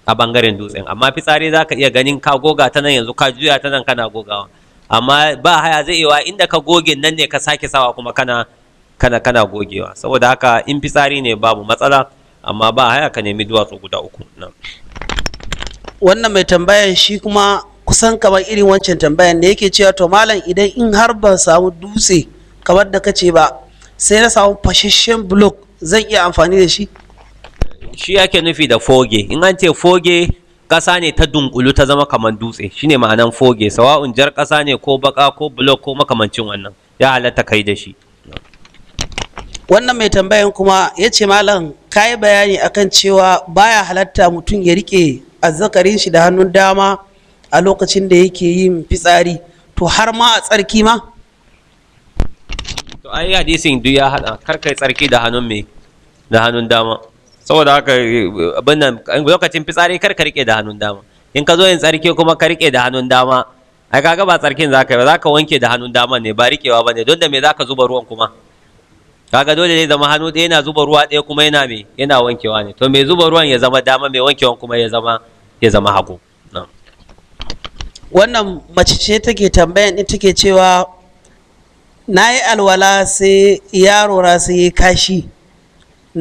a bangaren dutsen amma fitsari za ka iya ganin ka goga ta nan yanzu ka juya ta nan kana gogawa amma ba haya zai iya inda ka goge nan ne ka sake sawa kuma kana kana kana gogewa saboda haka in fitsari ne babu matsala amma ba haya ka nemi duwatsu guda uku nan wannan mai tambayan shi kuma kusan kamar irin wancan tambayan da yake cewa to malam idan in har ban samu dutse kamar da kace ba sai na samu fasasshen block zan iya amfani da shi shi yake nufi da foge in an ce foge ƙasa ne ta dunkulu ta zama kamar dutse shine ma'anan foge sawa'un jar ƙasa ne ko baka ko blok ko makamancin wannan ya halatta kai da shi wannan mai tambayan kuma ya ce malam ka yi bayani akan cewa baya halatta mutum ya rike azzakarin shi da hannun dama a lokacin da yake yin fitsari to har ma a tsarki ma to ai hadisin duk ya hada kar kai tsarki da hannun me da hannun dama saboda haka abin nan lokacin fitsari kar ka rike da hannun dama in ka zo yin tsarki kuma ka rike da hannun dama ai kaga ba tsarkin zaka yi ba zaka wanke da hannun dama ne ba rikewa bane don da me zaka zuba ruwan kuma kaga dole ne zama hannu ɗaya yana zuba ruwa ɗaya kuma yana me yana wankewa ne to me zuba ruwan ya zama dama me wankewan kuma ya zama ya zama hagu wannan mace ce take tambayan ɗin take cewa na yi alwala sai yaro ra sai kashi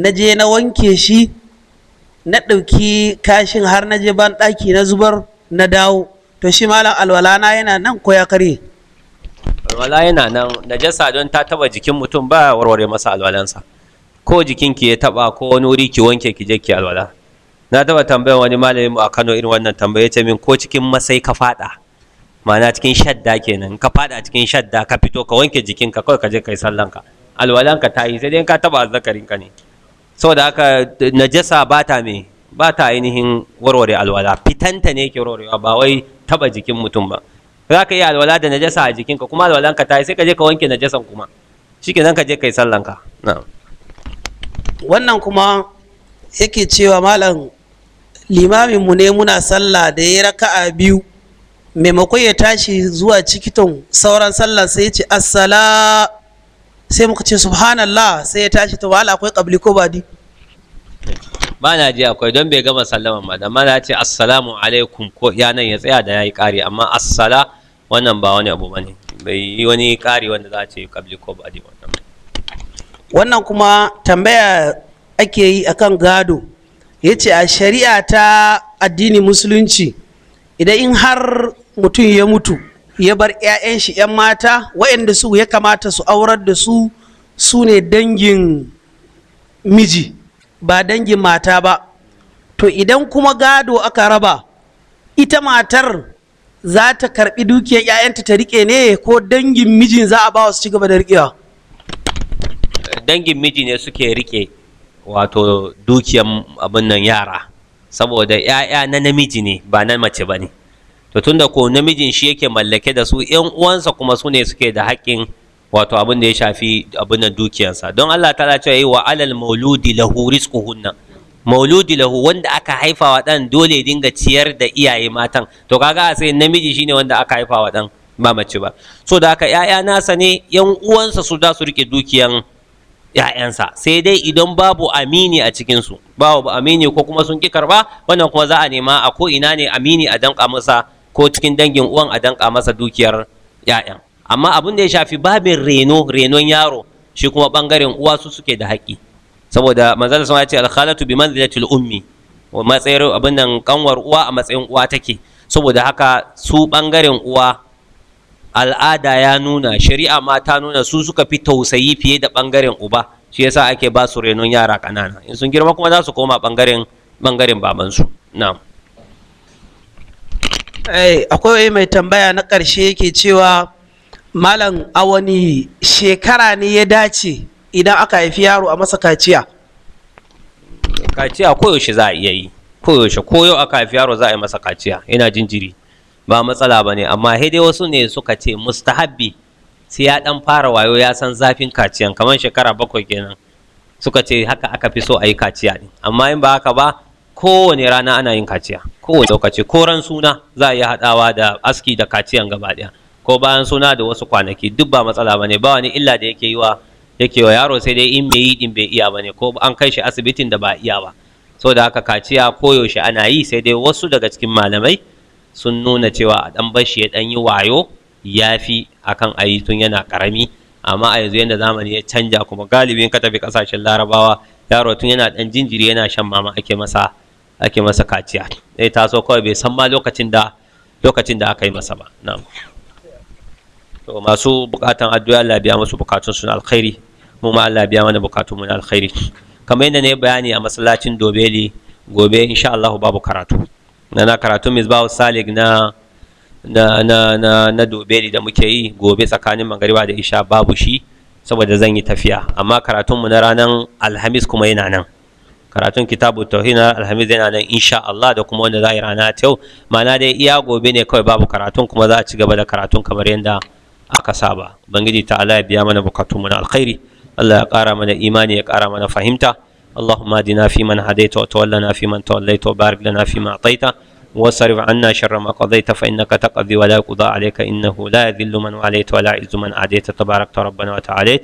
na je na wanke shi na ɗauki kashin har na je ban ɗaki na zubar na dawo to shi malam alwala na yana nan ko ya karye alwala yana nan najasa don ta taba jikin mutum ba warware masa alwalansa ko jikin ki ya taba ko wani wuri ki wanke ki je ki alwala na taba tambayan wani malamin mu a Kano irin wannan tambaye ce min ko cikin masai ka fada ma'ana cikin shadda kenan ka fada cikin shadda ka fito ka wanke jikinka kawai ka je kai sallanka alwalanka ta yi sai dai ka taba azzakarin ka ne saboda haka najasa ba ta me ba ta ainihin warware alwala fitanta ne yake warwarewa ba wai taba jikin mutum ba za ka yi alwala da najasa a jikinka kuma alwalanka ta yi sai ka je ka wanke najasan kuma nan ka je kai sallanka wannan kuma yake cewa malam limamin mu ne muna sallah da ya raka'a biyu maimakon ya tashi zuwa cikin sauran sallar sai ya ce assala sai muka ce subhanallah sai ya tashi ta wala akwai kabli ko badi ba na ji akwai don bai gama sallama ma da mana ce assalamu alaikum ko ya nan ya tsaya da yayi kari amma assala wannan ba wani abu bane bai yi wani kari wanda za a ce kabli ko badi wannan wannan kuma tambaya ake yi akan gado ya ce a shari'a ta addini musulunci idan in har mutum ya mutu ya bar 'ya'yan shi 'yan mata waɗanda su ya kamata su aurar da su su ne dangin miji ba dangin mata ba to idan kuma gado aka raba ita matar za ta karɓi dukiyar 'ya'yanta ta riƙe ne ko dangin mijin za a ba su ci gaba da riƙewa dangin miji ne suke rike wato dukiyar abin nan yara saboda 'ya'ya na namiji ne ba na mace ba ne to tunda ko namijin shi yake mallake da su yan uwansa kuma su ne suke da haƙƙin wato abin da ya shafi abin da dukiyarsa don Allah ta ce yi wa alal mauludi lahu rizquhunna mauludi lahu wanda aka haifa wa dan dole dinga ciyar da iyaye matan to kaga a sai namiji shine wanda aka haifa wa dan ba mace ba so da haka yaya nasa ne yan uwansa su da su rike dukiyan ƴaƴansa sai dai idan babu amini a cikin su babu amini ko kuma sun ki karba wannan kuma za a nema a ko ina ne amini a danka masa ko cikin dangin uwan a danka masa dukiyar 'ya'yan amma abin da ya shafi babin reno renon yaro shi kuma bangaren uwa su suke da haƙƙi saboda manzon sama ya ce alkhalatu bi manzilatil ummi wa matsayin abin nan kanwar uwa a matsayin uwa take saboda haka su bangaren uwa al'ada ya nuna shari'a ma ta nuna su suka fi tausayi fiye da bangaren uba shi yasa ake ba su renon yara kanana in sun girma kuma za su koma bangaren bangaren babansu na'am Eh, akwai mai tambaya na ƙarshe yake cewa malam a wani shekara ne ya dace idan aka haifi yaro a masa kaciya kaciya koyaushe za a iya yi koyaushe yau aka haifi yaro za a yi masa kaciya ina jinjiri ba matsala ba ne amma dai wasu ne suka ce mustahabbi sai ya dan fara wayo ya san zafin kaciyan kamar shekara bakwai kenan suka ce haka aka fi so a yi kaciya ne amma in ba haka ba kowane rana ana yin kaciya kowane lokaci ko ran suna za a iya haɗawa da aski da kaciyan gaba ɗaya ko bayan suna da wasu kwanaki duk ba matsala bane ba wani illa da yake yi wa yake wa yaro sai dai in bai yi din bai iya bane ko an kai shi asibitin da ba iya ba so da haka kaciya koyaushe ana yi sai dai wasu daga cikin malamai sun nuna cewa a dan bashi ya dan yi wayo yafi akan ayi tun yana karami amma a yanzu yanda zamani ya canja kuma galibin ka tafi kasashen larabawa yaro tun yana dan jinjiri yana shan mama ake masa ake masa kaciya ta taso kawai bai san ma lokacin da aka yi masa ba na'am to masu bukatan addu'a Allah biya musu bukatun su na alkhairi mu ma Allah biya mana bukatun mu na alkhairi kamar yadda ne bayani a masallacin Dobeli gobe insha Allah babu karatu na na karatu Misbahu Salik na na na na, na Dobeli da muke yi gobe tsakanin magariba da isha babu shi saboda zan yi tafiya amma karatunmu na ranar alhamis kuma yana nan karatun kitabu tauhi na alhamis yana nan insha Allah da kuma wanda za a yi rana ta yau ma'ana dai iya gobe ne kawai babu karatun kuma za a ci gaba da karatun kamar yadda aka saba bangiji ta Allah ya biya mana bukatun mu na alkhairi Allah ya kara mana imani ya kara mana fahimta اللهم اهدنا فيمن هديت وتولنا فيمن توليت وبارك لنا فيما اعطيت وصرف عنا شر ما قضيت فانك تقضي ولا يقضى عليك انه لا يذل من واليت ولا يعز من عاديت تبارك ربنا وتعاليت